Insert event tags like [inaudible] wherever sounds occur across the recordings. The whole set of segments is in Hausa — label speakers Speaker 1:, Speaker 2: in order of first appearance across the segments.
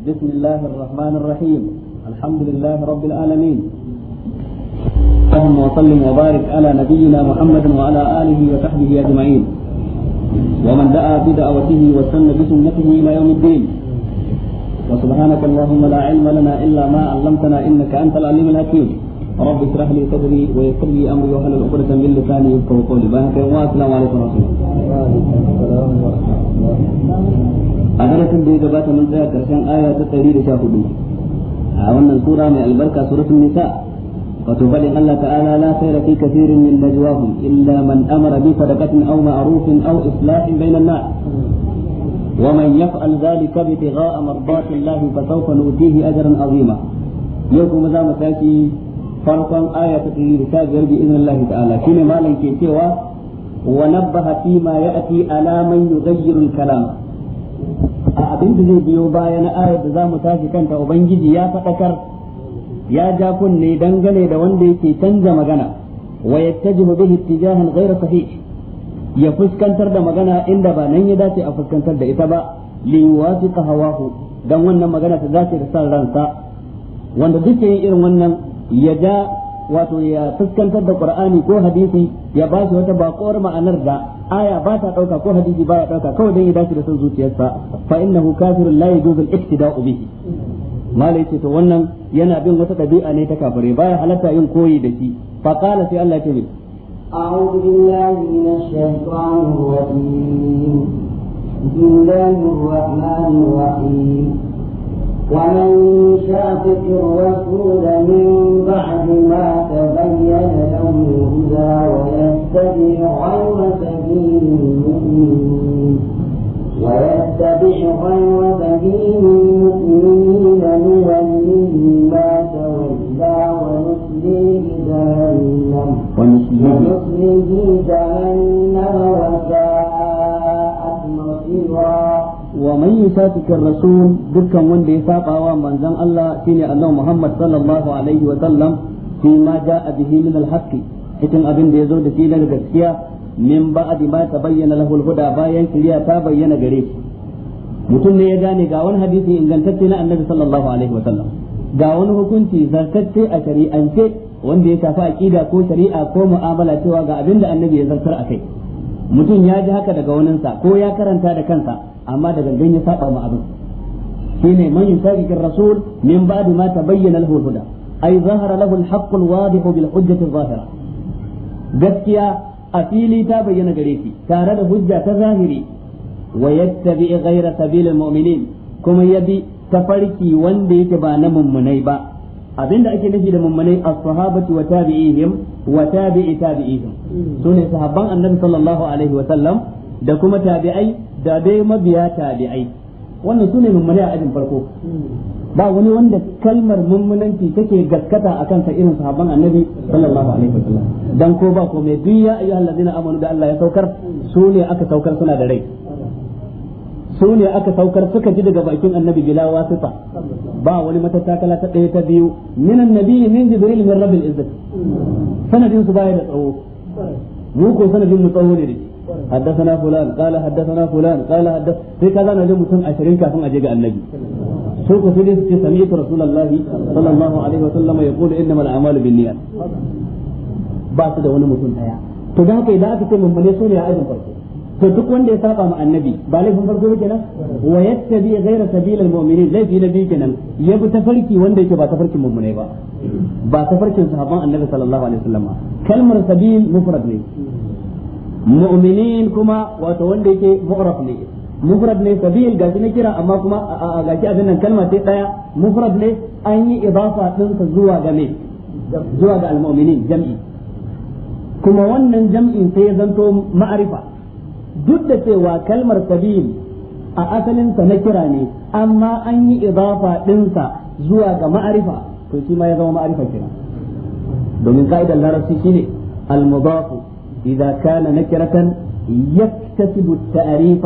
Speaker 1: بسم الله الرحمن الرحيم الحمد لله رب العالمين اللهم وسلم وبارك على نبينا محمد وعلى اله وصحبه اجمعين ومن دعا بدعوته وسن بسنته الى يوم الدين وسبحانك اللهم لا علم لنا الا ما علمتنا انك انت العليم الحكيم رب اشرح لي صدري ويسر لي امري واهل عقدة من لساني يفقه قولي بارك الله السلام عليكم ورحمه الله a darasin da ya gabata mun tsaya karshen aya ta 114 a wannan sura mai albarka suratul nisa wato faɗin Allah ta'ala la khayra fi kathirin min najwahum illa man amara bi sadaqatin aw ma'rufin aw islahin bainan nas ومن يفعل ذلك ابتغاء مرضات الله فسوف نؤتيه اجرا عظيما يوم ذا مساكي farkon aya ta ɗari ta biyar bi izinin Allah ta'ala shine malam ke cewa ونبه فيما يأتي على من يغير الكلام a abin da zai biyo baya na ayar da za mu tashi kanta ubangiji ya faɗakar ya ja kunne dangane da wanda yake canza magana wa yattajihu bihi ittijahan ghayra sahih ya fuskantar da magana inda ba nan ya dace a fuskantar da ita ba li yuwafiqa hawahu dan wannan magana ta dace da san ransa wanda duk yin irin wannan ya ja wato ya fuskantar da qur'ani ko hadisi ya ba shi wata bakuwar ma'anar da aya ba ta dauka ko hadisi ba ya dauka kawai dan ya dace da son zuciyarsa fa innahu kafirun la yajuzu al-iktida'u bihi malai ce to wannan yana bin wata dabi'a ne ta kafire baya halatta yin koyi da shi fa qala sai Allah ya
Speaker 2: ce
Speaker 3: أعوذ بالله من الشيطان الرجيم بسم الله الرحمن الرحيم ومن شاقق الرسول من بعد ما تبين له الهدى ويتبع غير سبيل المؤمنين ويتبع غير سبيل المؤمنين نوليه ما تولى ونصليه جهنم ونصليه جهنم وساءت
Speaker 1: wa man yushaqiqi rasul dukkan wanda ya saba wa manzon Allah shine Allah Muhammad sallallahu alaihi wa sallam fi ma jaa bihi min al cikin abin da yazo da shi daga gaskiya min ba'di ma tabayyana lahu al-huda bayan kiriya ta bayyana gare shi mutum ne ya gane ga wani hadisi ingantacce na annabi sallallahu alaihi wa sallam ga wani hukunci zartacce a shari'ance wanda ya shafi aqida ko shari'a ko mu'amala cewa ga abin da annabi ya zartar akai mutum ya ji haka daga waninsa ko ya karanta da kansa amma da gangan ya saba ma abin shine man yusariqu rasul min ba'di ma tabayyana lahu huda ay zahara lahu al-haqq al-wadih bil hujjati adh gaskiya a fili ta bayyana gare shi tare da hujja ta zahiri wa yattabi ghayra sabilil mu'minin kuma yabi tafarki wanda yake ba na mummunai ba abinda ake nufi da mummunai as-sahabatu wa tabi'ihim wa tabi'i tabi'ihim sune sahabban annabi sallallahu alaihi wa sallam da kuma tabi'ai da dai mabiya tabi'ai wannan sune mummune a ajin farko ba wani wanda kalmar mummunanci take gaskata a sa irin sahabban annabi sallallahu alaihi wasallam dan ko ba ko mai duk ya ayyuhal ladina amanu da Allah ya saukar su ne aka saukar suna da rai su ne aka saukar suka ji daga bakin annabi bila wasifa ba wani matattakala ta ɗaya ta biyu min annabi min jibril min rabbil izzati sanadin su baya da tsawo mu ko sanadin mu tsawo ne حدثنا فلان قال حدثنا فلان قال حدث في كذا نجي متن عشرين كافن اجي ga سوق su ku رسول الله ce الله عليه وسلم يقول إنما yaqulu innamal a'malu binniyat ba su da wani mutum من to da haka idan aka a ajin farko duk wanda ya saba ma annabi ba laifin farko yake nan wa yattabi ghayra sabilil mu'minin laifi na biyu kenan ya bi tafarki wanda yake ba tafarkin ba ba tafarkin annabi sallallahu alaihi wasallam kalmar sabil mufrad ne mu'minin kuma wato wanda yake mu'raf ne mufrad ne sabil gashi na kira amma kuma gashi abin nan kalma sai daya mufrad ne an yi idafa sa zuwa ga me zuwa ga almu'minin jam'i kuma wannan jam'in sai ya zanto ma'arifa duk da cewa kalmar sabil a asalin asalinsa na kira ne amma an yi idafa sa zuwa ga ma'arifa to shi ma ya zama ma'arifa kira domin ka'idar larabci shine al-mudafu إذا كان نكرة يكتسب التعريف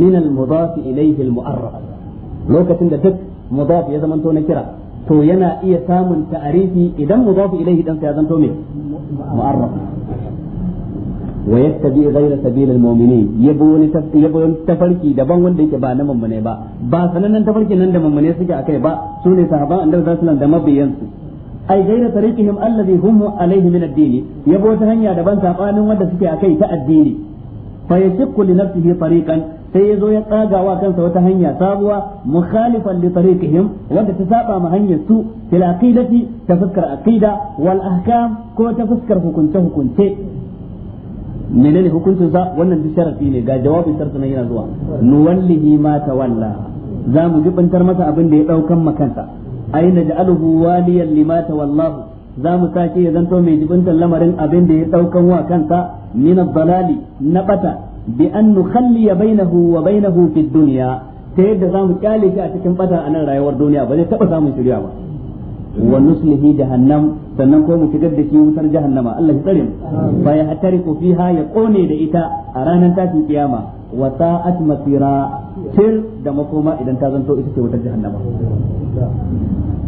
Speaker 1: من المضاف إليه المؤرخ لو كتن دك مضاف يا زمن تو نكرة تو ينا إيه سام تعريفي إذا مضاف إليه دم سيازن تو مؤرخ ويتبع غير سبيل المؤمنين يبون يبون تفرقي دبان wanda yake ba na mummune ba ba sanannen tafarki nan da mummune suke akai ba sune sahaban annabi sallallahu alaihi wasallam da mabiyansu ai gaira tariqihim alladhi hum alayhi min ad-din yabo ta hanya daban sabanin wanda suke akai ta addini fa yashiqqu li nafsihi tariqan sai yazo ya tsaga wa kansa wata hanya sabuwa mukhalifan li tariqihim wanda ta saba ma hanyar su fil aqidati ta fuskar aqida wal ahkam ko ta fuskar hukunce hukunce menene hukuncin sa wannan duk sharafi ne ga jawabin sarsa nan yana zuwa nuwallihi ma tawalla za mu jibintar masa abin da ya daukan makansa ai naj'aluhu waliyan lima tawallahu za mu sake ya zanto mai jibintar lamarin abin da ya daukan wa kansa min dalali na bata bi an nukhalliya bainahu wa bainahu fi dunya ta yadda za mu kyale shi a cikin bata a nan rayuwar duniya ba zai taba samun shirya ba wa nuslihi jahannam sannan ko mu shigar da shi wutar jahannama Allah ya tsare mu fa ya hatariku fiha ya kone da ita a ranar tashin kiyama wa atmasira masira tir da makoma idan ta zanto ita ce wutar jahannama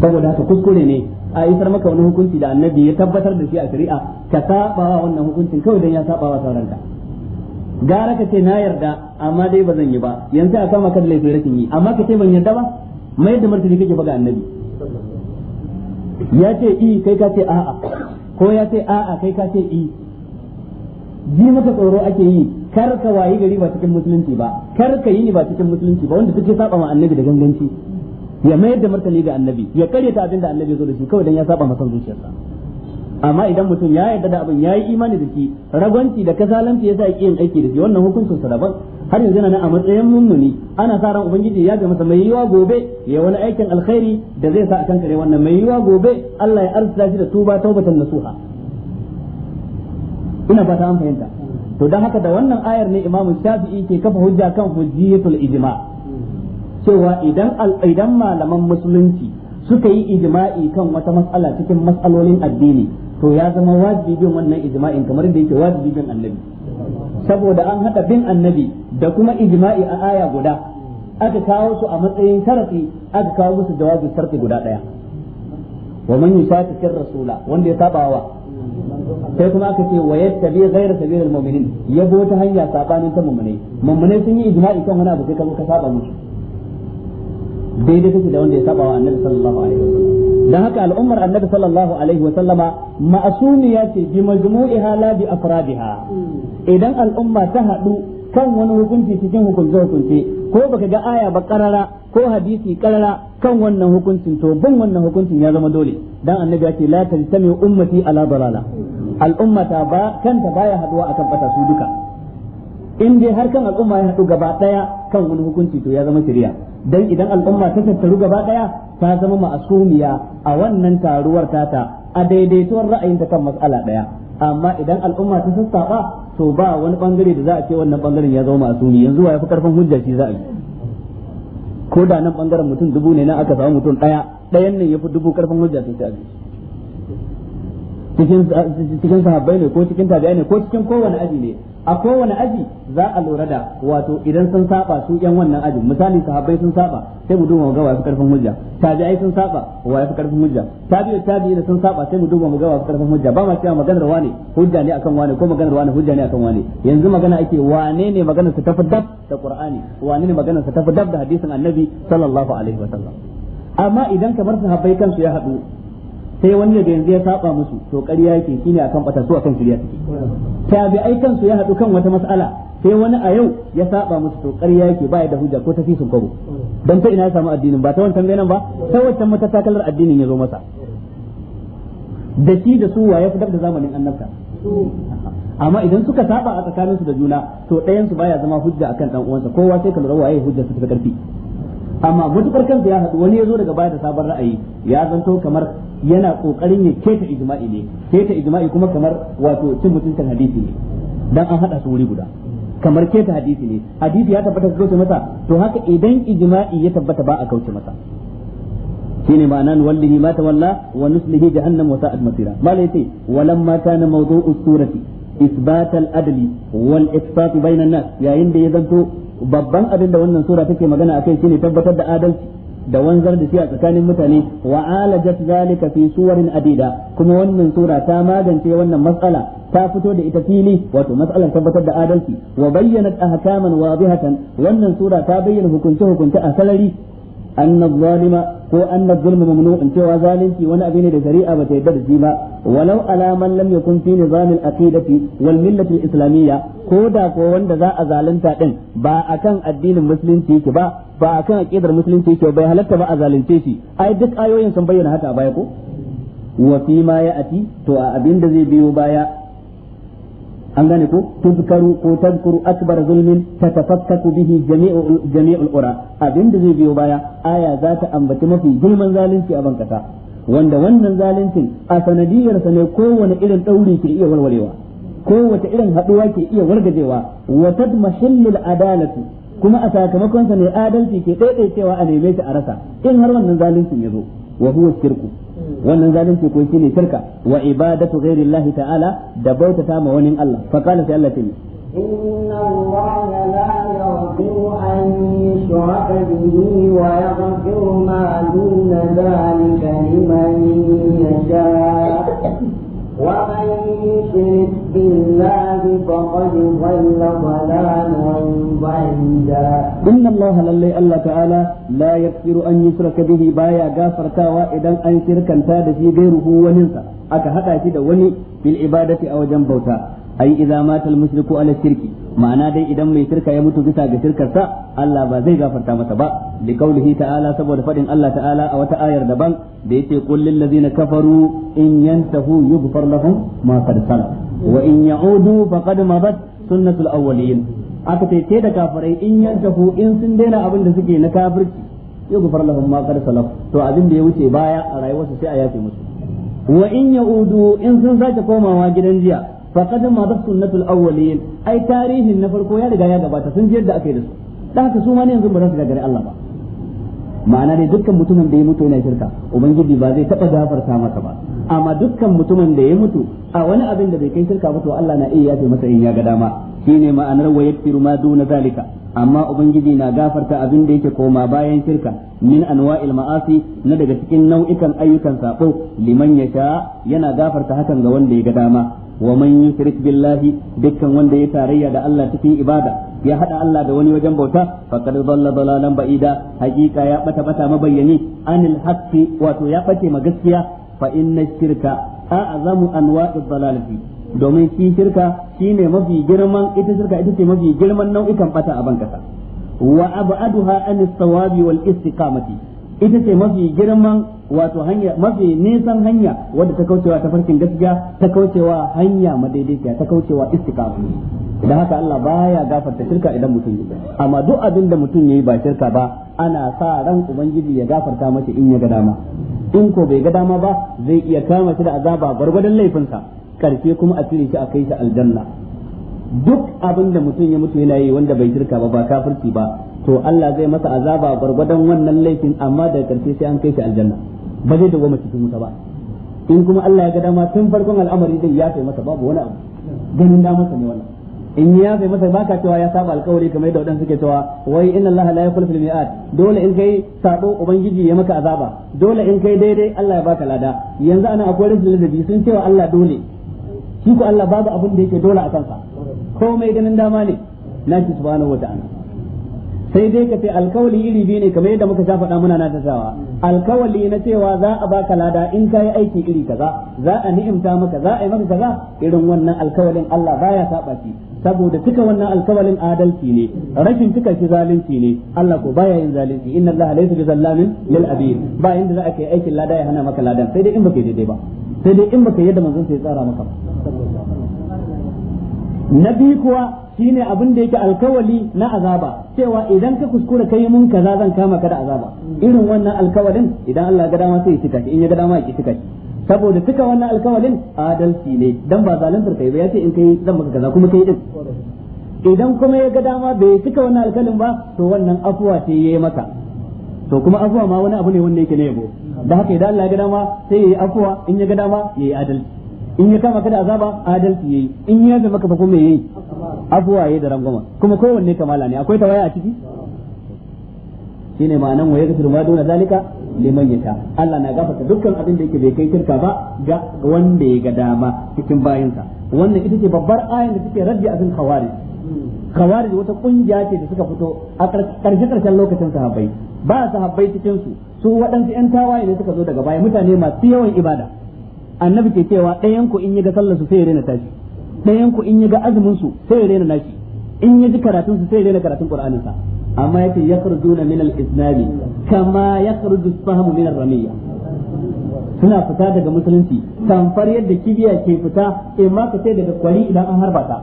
Speaker 1: saboda haka kuskure ne a isar maka wani hukunci da annabi ya tabbatar da shi a shari'a ka wa wannan hukuncin kawai dan ya wa sauranka gara ka ce na yarda amma dai ba zan yi ba yanzu a kama kan laifin rashin yi amma ka ce ban yarda ba mai da martani kake ga annabi ya ce i kai ka ce a'a ko ya ce a'a kai ka ce i ji maka tsoro ake yi kar ka wayi gari ba cikin musulunci ba kar ka yi ni ba cikin musulunci ba wanda take saba ma annabi da ganganci ya mayar da martani ga annabi ya karya ta da annabi zo da shi kawai dan ya saba masa zuciyarsa amma idan mutum ya yarda da abin ya yi imani da shi ragwanci da kasalanci yasa yake yin aiki da shi wannan hukuncin sa daban har yanzu na a matsayin mummuni ana sa ran ubangiji ya ga masa mai yiwa gobe ya wani aikin alkhairi da zai sa a kankare wannan mai yiwa gobe Allah ya arzuta shi da tuba taubatan nasuha ina fata an fahimta to dan haka da wannan ayar ne imamu shafi'i ke kafa hujja kan hujjiyatul ijma cewa idan idan malaman musulunci suka yi ijma'i kan wata matsala cikin matsalolin addini to ya zama wajibi bin wannan ijma'in kamar da yake wajibi bin annabi saboda an hada bin annabi da kuma ijma'i a aya guda aka kawo su a matsayin sharafi aka kawo musu jawabin sharfi guda daya wa man yushaqiqir rasula wanda ya tabawa sai kuma aka ce wa yattabi ghayra sabilil mu'minin ya bi ta hanya sabanin ta mu'minai mu'minai sun yi ijma'i kan wani abu sai ka ka saba musu daidai take da wanda ya saba wa annabi sallallahu alaihi wasallam dan haka al'ummar annabi sallallahu alaihi wasallama ma'asumiya ce bi majmu'iha la bi afradiha idan al'umma ta hadu kan wani hukunci cikin hukunce hukunce ko baka ga aya ba karara ko hadisi karara kan wannan hukuncin to bin wannan hukuncin ya zama dole dan annabi ya ce la tajtami ummati ala dalala al'umma ta ba kanta baya haduwa akan bata su duka in dai har kan al'umma ya hadu gaba daya kan wani hukunci to ya zama shari'a dan idan al'umma ta tattaru gaba daya ta zama ma'asumiya a wannan taruwar tata a daidaituwar ra'ayinta kan mas'ala daya amma idan al'umma ta sassaɓa to ba wani bangare da za a ce wannan bangaren ya zama ma'asumi yanzu wa ya fi karfin hujja shi za a yi ko da nan bangaren mutum dubu ne na aka samu mutum daya dayan nan ya fi dubu karfin hujja sai ta cikin sahabbai ne ko cikin tabi'ai ne ko cikin kowane aji ne a kowane aji za a lura da wato idan sun saba su yan wannan ajin misali sahabbai sun saba sai mu duba mu ga wasu karfin hujja tabi'ai sun saba wa yafi karfin hujja tabi'u tabi'i da sun saba sai mu duba mu ga wasu karfin hujja ba ma cewa maganar wane hujja ne akan wane ko maganar wane hujja ne akan wane yanzu magana ake wane ne maganar sa tafi dab da qur'ani wane ne maganar sa tafi dab da hadisin annabi sallallahu alaihi wasallam amma idan kamar sahabbai kansu ya haɗu sai wani da yanzu ya saba musu to ƙarya yake shine akan su akan shirya take tabi'ai kansu ya haɗu kan wata mas'ala sai wani a yau ya saba musu to ƙarya yake ba da hujja ko tafi sun kwabo dan ta ina ya samu addinin ba ta wancan bayanan ba ta wancan matatakalar addinin ya zo masa da shi da su waye fitar da zamanin annabta amma idan suka saba a tsakaninsu da juna to ɗayan su baya zama hujja akan dan uwansa kowa sai ka lura waye hujja su ta karfi amma mutukar kansa ya haɗu wani ya zo daga baya da sabon ra'ayi ya zanto kamar yana ƙoƙarin ya keta ijma'i ne keta ijma'i kuma kamar wato cin mutuncin hadisi ne dan an haɗa su wuri guda kamar keta hadisi ne hadisi ya tabbata kauce masa to haka idan ijma'i ya tabbata ba a kauce masa shine ma'ana wallahi ma walla wa nuslihi jahannam wa sa'at masira mala yace mata kana mawdu'u surati isbatal adli wal iqsat bainan nas yayin da ya zanto babban abin da wannan sura take magana akai shine tabbatar da adalci da wanzar da shi a tsakanin mutane wa alajat zalika fi suwarin adida kuma wannan sura ta magance wannan matsala ta fito da ita fili wato matsalar tabbatar da adalci wa hakaman ahkaman wadihatan wannan sura ta bayyana hukunce hukunce a salari أن الظالم ko anna zulma mamnu'un cewa zalunci wani abu ne da shari'a ba ta yarda da shi ba walau alaman man lam yakun fi nizam al-aqidati wal millati islamiyya ko da ko wanda za a zalunta din ba akan addinin musulunci ke ba ba akan aqidar musulunci yake bai halarta ba a zalunce shi ai duk ayoyin sun bayyana haka baya ko wa fi ma ya'ati to a abin da zai biyo baya an gane ko tuzkaru ko tazkuru akbar zulmin tatafakkaku bihi jami'u jami'ul ura abinda zai biyo baya aya za ta ambaci mafi gulman zalunci a bankasa wanda wannan zaluncin a sanadiyarsa ne kowane irin dauri ke iya walwalewa, kowace irin haduwa ke iya wargajewa wa tadmahillul adalatu kuma a sakamakonsa ne adalci ke daidaitawa a neme shi a rasa in har wannan zaluncin ya zo وهو الشرك وان نزال في كويسين شركة وعبادة غير الله تعالى دبوت تام ونين الله فقال في الله تلي
Speaker 3: إن الله لا يغفر أن يشرك به ويغفر ما دون ذلك لمن يشاء ومن يشرك بالله فقد ضل ضلالا بعيدا
Speaker 1: إن الله لله الله تعالى لا يغفر أن يشرك به بايا غافر تاوى إذا أن شركا تاد في غيره وننسى أكا هكا شد وني بالعبادة أو جنبوتا ai idza matal mushriku ala shirki ma'ana dai idan mai shirka ya mutu bisa ga shirkar Allah ba zai gafarta masa ba li qaulihi ta'ala saboda fadin Allah ta'ala a wata ayar daban da yace qul lil ladzina kafaru in yantahu yughfar lahum ma qad sala wa in ya'udu faqad madat sunnatul awwalin aka ce da kafirai in yantahu in sun daina abin da suke na kafirci yughfar lahum ma qad sala to abin da ya wuce baya a rayuwarsa sai a yafe musu wa in ya'udu in sun sake komawa gidan jiya faqad madat sunnatul awwalin ai tarihin na farko ya riga ya gabata sun jiyar da aka yi da su dan haka su ma ne yanzu ba za su gagare Allah ba ma'ana ne dukkan mutumin da ya mutu yana shirka ubangiji ba zai taba gafarta masa ba amma dukkan mutumin da ya mutu a wani abin da bai kai shirka ba to Allah na iya yafe masa in ya ga dama shine ma'anar wa yakfiru ma duna zalika amma ubangiji na gafarta abin da yake koma bayan shirka min anwa'il ma'asi na daga cikin nau'ikan ayyukan sabo liman yasha yana gafarta hakan ga wanda ya ga dama wa man yushrik billahi dukkan wanda ya tarayya da Allah cikin ibada ya haɗa Allah da wani wajen bauta faqad dalla dalalan ba'ida hakika ya bata bata mabayyani anil haqqi wato ya bace ma gaskiya fa inna shirka a'zamu anwa'i dalalati domin shi shirka shine mafi girman ita shirka ita ce mafi girman nau'ikan bata a bankasa wa ab'aduha anis sawabi wal istiqamati ita ce mafi girman wato hanya mafi nisan hanya wadda ta kaucewa ta farkin gaskiya ta kaucewa hanya madaidaiciya ta kaucewa istikafu da haka Allah baya gafarta shirka idan mutum yi amma duk abin da mutum yi ba shirka ba ana sa ran ubangiji ya gafarta mace in ya ga dama in ko bai ga dama ba zai iya kama shi da azaba gwargwadon laifinsa karshe kuma a cire shi a kai shi aljanna duk abin da mutum ya mutu yana yi wanda bai shirka ba ba kafirci ba to Allah zai masa azaba gwargwadon wannan laifin amma daga karshe sai an kai shi aljanna ba zai dawo mace cikin wuta ba in kuma Allah ya ga dama tun farkon al'amari zai ya kai masa babu wani abu ganin da masa ne wannan in ya kai masa baka cewa ya saba alkawari kamar yadda waɗansu suke cewa wai inna Allah la yakhlufu al-mi'at dole in kai sabo ubangiji ya maka azaba dole in kai daidai Allah ya baka lada yanzu ana akwai rashin ladabi sun cewa Allah dole shi ko Allah babu abin da yake dole a kansa komai ganin dama ne naki subhanahu wa ta'ala sai dai ka ce alkawali iri biyu ne kamar yadda muka sha faɗa muna na sawa alkawali na cewa za a baka lada in ka yi aiki iri kaza za a ni'imta maka za a yi maka kaza irin wannan alkawalin Allah baya saba shi saboda cika wannan alkawalin adalci ne rashin cika shi zalunci ne Allah ko baya yin zalunci inna Allah laysa bizallamin lil abid ba inda za a kai aikin lada ya hana maka ladan sai dai in baka yi daidai ba sai dai in baka yadda manzon sai ya tsara maka na biyu kuwa shine abin da yake alkawali na azaba cewa idan ka kuskura kai mun kaza zan kama ka da azaba irin wannan alkawalin idan Allah ya ga dama sai ya cika shi in ya ga dama ya cika shi saboda cika wannan alkawalin adalci ne dan ba zalunta kai ba yace in kai zan maka kaza kuma kai din idan kuma ya ga dama bai cika wannan alkalin ba to wannan afuwa ce yayi maka to kuma afuwa ma wani abu ne wanda yake ne yabo da haka idan Allah ya ga dama sai yayi afuwa in ya ga dama yayi adalci in ya kama ka da azaba adalci yayi in ya zama maka fa kuma yayi afuwa yayi da rangwama kuma kowanne kamala ne akwai tawaya a ciki shine ma'anan waye gafiru ma dona zalika liman yata Allah na gafarta dukkan abin da yake bai kai kirka ba ga wanda ya ga dama cikin bayinsa wannan ita ce babbar ayan da take raddi abin khawarij khawarij wata kungiya ce da suka fito a karshe karshen lokacin sahabbai ba sahabbai cikin su su waɗansu yan tawaye ne suka zo daga baya mutane masu yawan ibada annabi ke cewa ɗayan ku in yaga sallar su sai ya rena tashi ɗayan ku in ga azumin su sai ya rena nashi in ji karatun su sai ya rena karatun qur'anin sa amma yace yakhrujuna min al-islami kama yakhruju as-sahmu min ar-ramiyya suna fita daga musulunci tamfar yadda kibiya ke fita in ma ka sai daga kwari idan an harba ta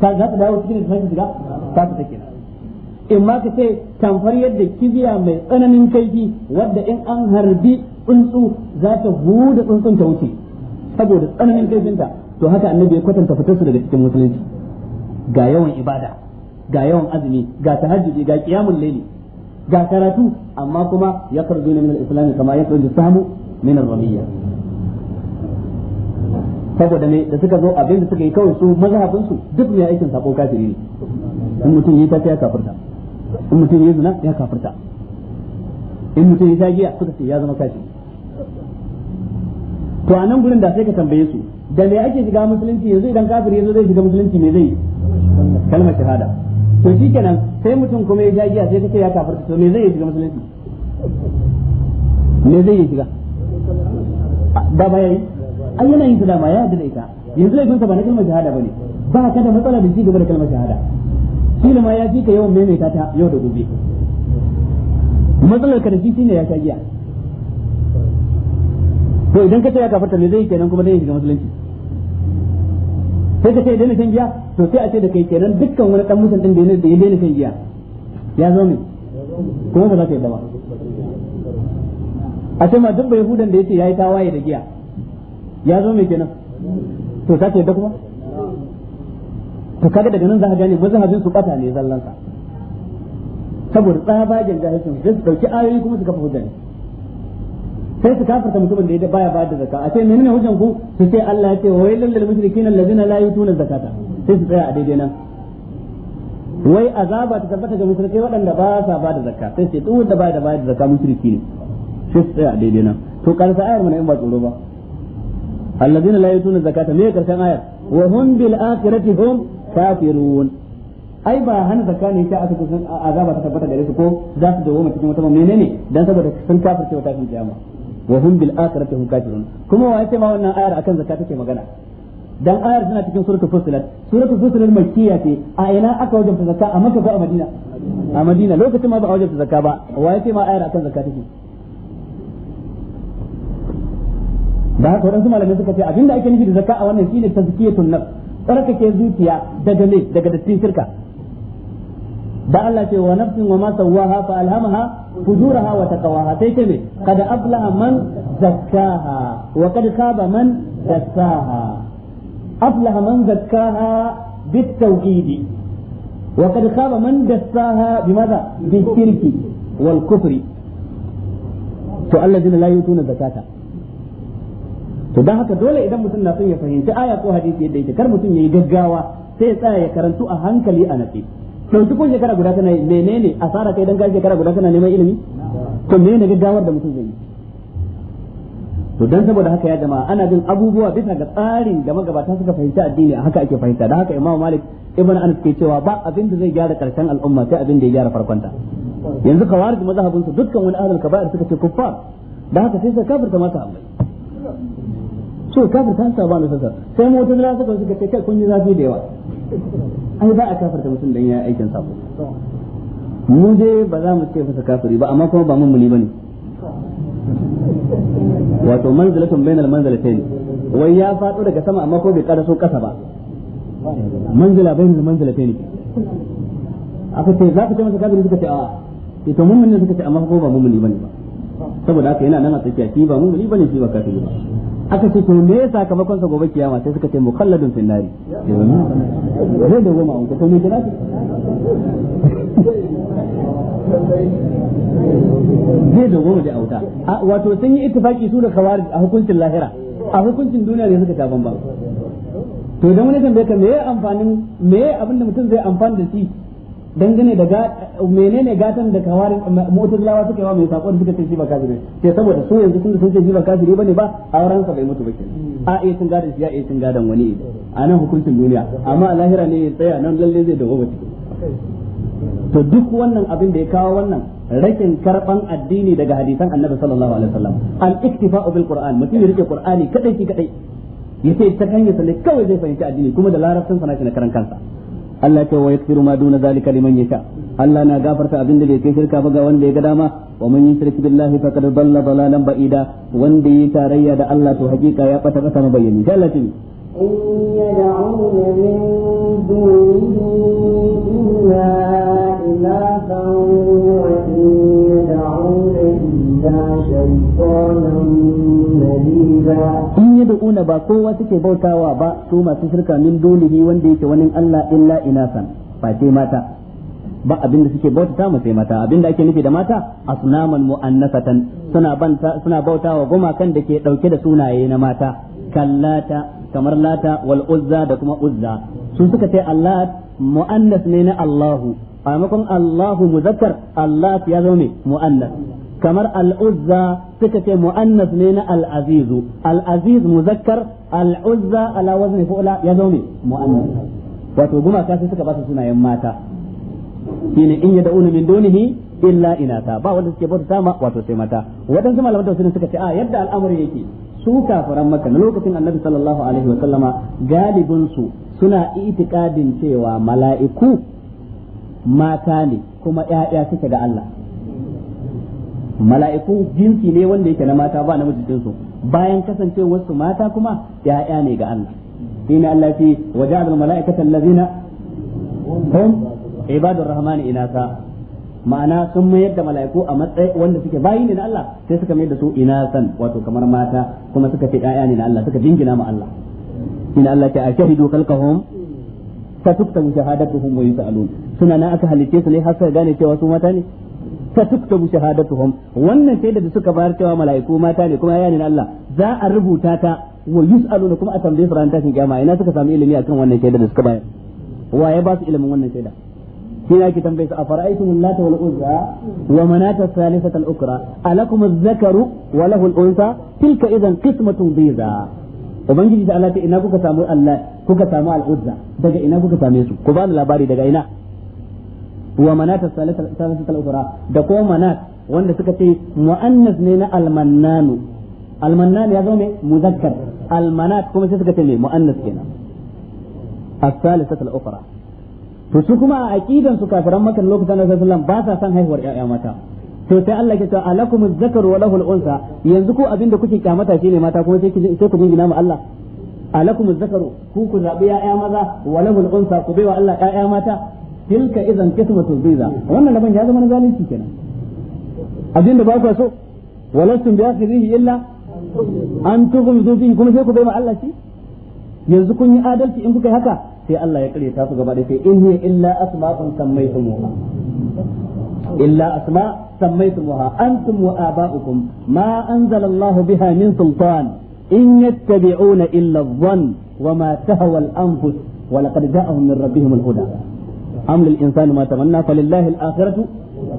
Speaker 1: ta za ta dawo cikin da shiga ta ta kenan in ma ka ce tamfar yadda kibiya mai tsananin kaifi wadda in an harbi tsuntsu za ta huda tsuntsun ta wuce saboda tsananin kaifinta to haka annabi ya kwatanta su daga cikin musulunci ga yawan ibada ga yawan azumi ga tahajjudi ga qiyamul layli ga karatu amma kuma ya karbi min al-islam kama ya karbi samu min ar-ramiyya saboda ne da suka zo abin da suka yi kawai su mazhabin su duk mai aikin sako kafiri ne in mutum yi tafiya kafirta in mutum yi zina ya kafirta in mutum yi tagiya suka ce ya zama kafiri to a nan gurin da sai ka tambaye su da me ake shiga musulunci yanzu idan kafiri yanzu zai shiga musulunci me zai kalmar shahada to shikenan sai mutum kuma ya ja giya sai kace ya kafir to me zai shiga musulunci me zai shiga
Speaker 2: da ba yayi ai yana yin dama ya da ita yanzu laifin
Speaker 1: sa ba na kalmar shahada bane ba ka da matsala da shi gaba da kalmar shahada shi ma ya fi ka yawan maimaita ta yau da gobe matsalar ka da shi shine ya sha giya to idan ka ce ya kafarta ne zai kenan kuma dai shiga musulunci sai ka ce daina shan giya to sai a ce da kai kenan dukkan wani dan musulun din da ya daina shan giya ya zo ne kuma ba za ka yi ba a ce ma duk bai hudan da yace yayi tawaye da giya ya zo me kenan to ka ce da kuma to kaga daga nan za ka gane mazhabin su bata ne zallansa saboda tsabagen jahilcin sai su dauki ayoyi kuma su kafa hujja ne sai su kafirta mutumin da baya ba da zakka a ce menene hujjan ku su ce Allah ya ce wai lillal mushrikina allazina la yutuna zakata sai su tsaya a daidai nan wai azaba ta tabbata ga musulmai waɗanda ba sa ba da zakka sai su duk da ba da ba da zakka mushriki ne sai su tsaya a daidai nan to karsa ayar mana in ba tsoro ba allazina la yutuna zakata me karshen ayar wa hum bil akhirati hum kafirun ai ba hana zakka ne sai aka kusan azaba ta tabbata gare su ko za su dawo cikin wata menene dan saboda sun kafirce wata kan kiyama wa hum bil akhirati hum kafirun kuma wa yace ma wannan ayar akan zakka take magana dan ayar tana cikin suratul fusilat suratul fusilat makkiya ce a ina aka wajen zakka a makka ko a madina a madina lokacin ma ba a wajen zakka ba wa yace ma ayar akan zakka take da haka wadansu malamai suka ce abinda ake nufi da zakka a wannan shine tazkiyatun nafs tsarkake zuciya daga ne daga dattin shirka da Allah ce wa nafsin wa ma sawaha fa alhamaha fujuraha wa taqwaha sai ce ne kad aflaha man zakkaha wa kad khaba man dassaha aflaha man zakkaha بالتوحيد وقد خاب من دساها بماذا بالشرك والكفر فالذين لا يؤتون الزكاه to dan haka dole idan mutum na son ya fahimci aya ko hadisi yadda yake kar mutum yayi gaggawa sai ya tsaya ya karantu a hankali a natsi dauki ko shekara guda tana yi menene asara kai dan ka shekara guda tana neman ilimi to menene gaggawar da mutum zai yi to dan saboda haka ya jama'a ana bin abubuwa bisa ga tsarin da magabata suka fahimta addini haka ake fahimta da haka Imam Malik Ibn Anas ke cewa ba abin da zai gyara karshen al'umma sai abin da ya gyara farkonta yanzu kawarij mazhabin su dukkan wani ahlul kaba'ir suka ce kuffar da haka sai suka kafirta mata amai so kafirta sa ba na sai mutum da suka suka ce kai kun yi zafi da yawa ai ba a kafarta mutum dan ya aikin sako mu je ba za mu ce fasa kafiri ba amma kuma ba mun muni bane wato manzilatun bainal manzalatain wai ya fado daga sama amma ko bai karaso kasa ba manzila bainal manzalatain aka ce za ka ce masa kafiri suka ce a ce to ne suka ce amma ko ba muni bane ba saboda haka yana nan a tsakiya shi ba mun muni bane shi ba kafiri ba aka ce to me sakamakon sa gobe kiyama sai suka ce mukhalladun fil nari zai da goma an to me kina zai da goma da auta wato sun yi ittifaki su da kawari a hukuncin lahira a hukuncin duniya ne suka ta bamban to idan wani tambaye ka meye amfanin me abin da mutum zai amfani da shi dangane da menene gatan da kawarin mu'tazilawa suka yi wa mai sako da suka ce shi ba kafiri ce saboda su yanzu sun sun ce shi ba kafiri bane ba auren sa bai mutu ba ke a iya cin gadan ya iya cin gadan wani ne a nan hukuncin duniya amma a lahira ne ya tsaya nan lalle zai dawo ba cikin to duk wannan abin da ya kawo wannan rakin karban addini daga hadisan annabi sallallahu alaihi wasallam al iktifa'u bil qur'an mutum ya rike qur'ani kadai kadai yace ta kanyar sallai kawai zai fahimci addini kuma da larabcin sa na karan kansa Allah ce wa yaghfiru ma duna zalika liman yasha Allah na gafarta abin da bai kai shirka ba ga wanda ya ga dama wa man yushrik billahi faqad dalla dalalan ba'ida wanda yi tarayya da Allah to hakika ya bata kasa mabayyani sai
Speaker 3: Allah ta in
Speaker 1: yi una ba kowa suke bautawa ba su masu shirka min dunihi wanda yake wani Allah illa inasan ba sai mata ba abinda suke bauta mu sai mata abinda ake nufi da mata asnaman mu'annasatan suna banta suna bautawa gumakan da ke dauke da sunaye na mata kallata kamar lata wal uzza da kuma uzza su suka ce Allah mu'annas ne na Allahu a makon Allahu muzakkar Allah ya zama mu'annas kamar al'uzza uzza suka ce mu'annas ne na al-aziz al-aziz muzakkar al ala wazni fu'la ya zo ne mu'annas wato gumaka sai suka ba sunayen mata shine in yad'una min dunihi illa inata ba wanda suke bauta ma wato sai mata wadansu malaman tafsirin suka yadda yake su kafiran maka na lokacin annabi sallallahu alaihi wa sallama galibin su suna itikadin cewa mala'iku mata ne kuma ƴaƴa suke ga Allah mala'iku jinsi ne wanda yake na mata ba na namiji jinsu bayan kasancewar su mata kuma ya'ya ne ga Allah ina Allah fi al mala'ikata allazina hum ibadur rahman inasa ma'ana sun mayar da mala'iku a matsayi wanda suke bayi ne na Allah sai suka mayar da su inasan wato kamar mata kuma suka ce ya'ya ne na Allah suka jingina ma Allah ina Allah ta ashahidu khalqahum fa tuktabu shahadatuhum wa yus'alun suna na aka halice su ne har sai gane cewa su mata ne ta tuktabu shahadatuhum wannan shaida da suka bayar cewa mala'iku mata ne kuma yayin Allah za a rubuta ta wa yus'aluna kuma a tambaye su ran tashin kiyama ina suka samu ilimi akan wannan shaida da suka bayar wa ya ba su ilimin wannan shaida shi ne ake tambaye su a fara'aitum lata wal uzza wa manata thalithata al ukra alakum az-zakaru wa lahu al unsa tilka idan qismatun biza ubangiji ta Allah ta ina kuka samu Allah kuka samu al uzza daga ina kuka same su ku ba labari daga ina wa manat as-salisata al da ko manat wanda suka ce muannas ne na al-mannanu ya zo ne muzakkar Almanat kuma sai suka ce ne muannas kenan as-salisata al-ukhra to su kuma a aqidan su kafiran makan lokacin da sallallahu ba sa san haihuwar 'ya'ya mata to sai Allah ke cewa alakum az-zakaru wa lahu al-unsa yanzu ko abinda kuke kyamata shine mata kuma sai sai ku jingina Allah alakum az-zakaru ku ku zabi ƴaƴa maza wa lahu al-unsa ku bai wa Allah 'ya'ya mata tilka idan qismatu biza wannan laban ya zama na zalunci kenan abin da ba ku so walastum bi akhirihi illa an tughmizu fihi kuma sai ku bai ma Allah shi yanzu kun yi adalci in kuka yi haka sai Allah ya kare ta su gaba da sai in hiya illa asma'un sammaytumuha illa asma sammaytumuha antum wa aba'ukum ma anzala Allah biha min sultan in yattabi'una illa dhann wa ma tahwa al-anfus ولقد جاءهم من ربهم huda. amr al insanu ma tamanna falillahi al akhiratu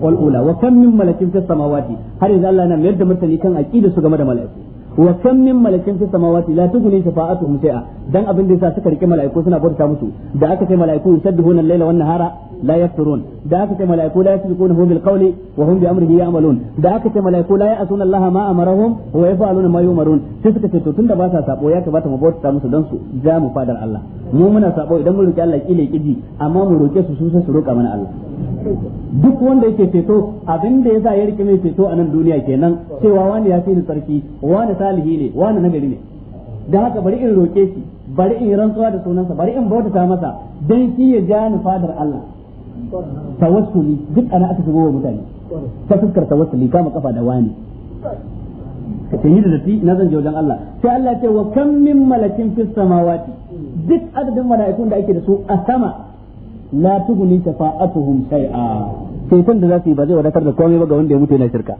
Speaker 1: wal ula wa kam min malakin fis samawati har yanzu Allah yana mayar da mutane kan aqida su game da mala'iku wa kam min malakin fi samawati la tughni shafa'atuhum shay'a dan abin da yasa suka rike malaiku suna bauta musu da aka ce malaiku yusabbihuna al-laila wan nahara la yafturun da aka ce malaiku la na bil qawli wa hum bi amrihi ya'malun da aka ce malaiku la ya'suna Allah ma amarahum wa yaf'aluna ma yumarun sai suka ce to tunda ba sa sabo ya kamata mu bauta musu dan su ja mu fadar Allah mu muna sabo idan mun roki Allah kile kiji amma mu roke su su su roka mana Allah
Speaker 2: duk
Speaker 1: wanda yake ceto abin da yasa ya rike mai ceto a nan duniya kenan cewa wani ya fi ni sarki wani salihi ne wani nagari ne da haka bari in roke shi bari in rantsuwa da sunansa bari in bauta ta masa dan shi ya ja ni fadar Allah tawassuli duk ana aka shigo mutane ta fuskar tawassuli kama kafa da wani ka da datti na zan je wajen Allah sai Allah ce wa kam min malakin fis samawati duk adadin mala'ikun da ake da su a sama la tughni shafa'atuhum shay'a ceton da za su yi ba zai wadatar da komai ba ga wanda ya mutu yana shirka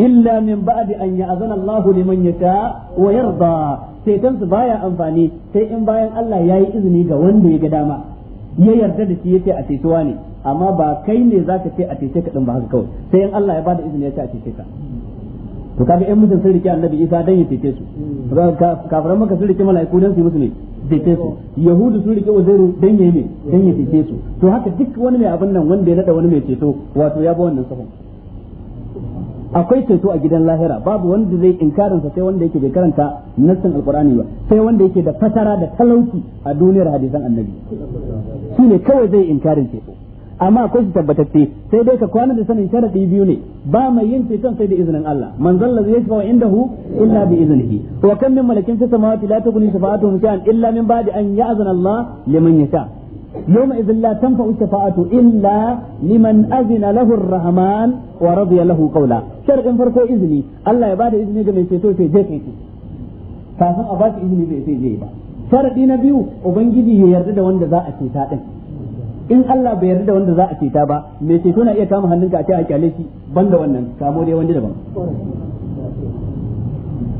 Speaker 1: illa min ba'di an ya'zana Allahu liman yasha wa yarda ceton su baya amfani sai in bayan Allah yayi izini ga wanda ya ga dama ya yarda da shi yace a cetuwa ne amma ba kai ne zaka ce a cece ka din ba haka kawai sai in Allah ya bada izini yace a cece ka to kaga ɗan mutum sun rike annabi Isa dan ya cece su kafiran maka sun rike mala'iku dan su yi musu ne dace yahudu sun rike uzairu dan yayi ne dan ya su to haka duk wani mai abin nan wanda ya nada wani mai ceto wato ya ba wannan sahun akwai ceto a gidan lahira babu wanda zai inkarin sa sai wanda yake bai karanta nassin alqur'ani ba sai wanda yake da fasara da talauci a duniyar hadisan annabi shine kawai zai inkarin ceto amma akwai su tabbatacce sai dai ka kwana da sanin sharadi biyu ne ba mai yin ceton sai da izinin Allah man zalla zai yashfa indahu illa bi iznihi wa kam min malakin fis samawati la tughni shafa'atuhum shay'an illa min ba'di an ya'zana Allah liman yasha yawma idhin la tanfa'u shafa'atu illa liman azina lahu ar-rahman wa radiya lahu qawla sharadin farko izini Allah ya bada izini ga mai ceto sai je kai a ba izini bai sai je ba sharadi na biyu ubangiji ya yarda da wanda za a ceta din in Allah bai yarda da wanda za a ceta ba mai ceto na iya kama hannunka a ce a kyale shi da wannan kamo dai wani daban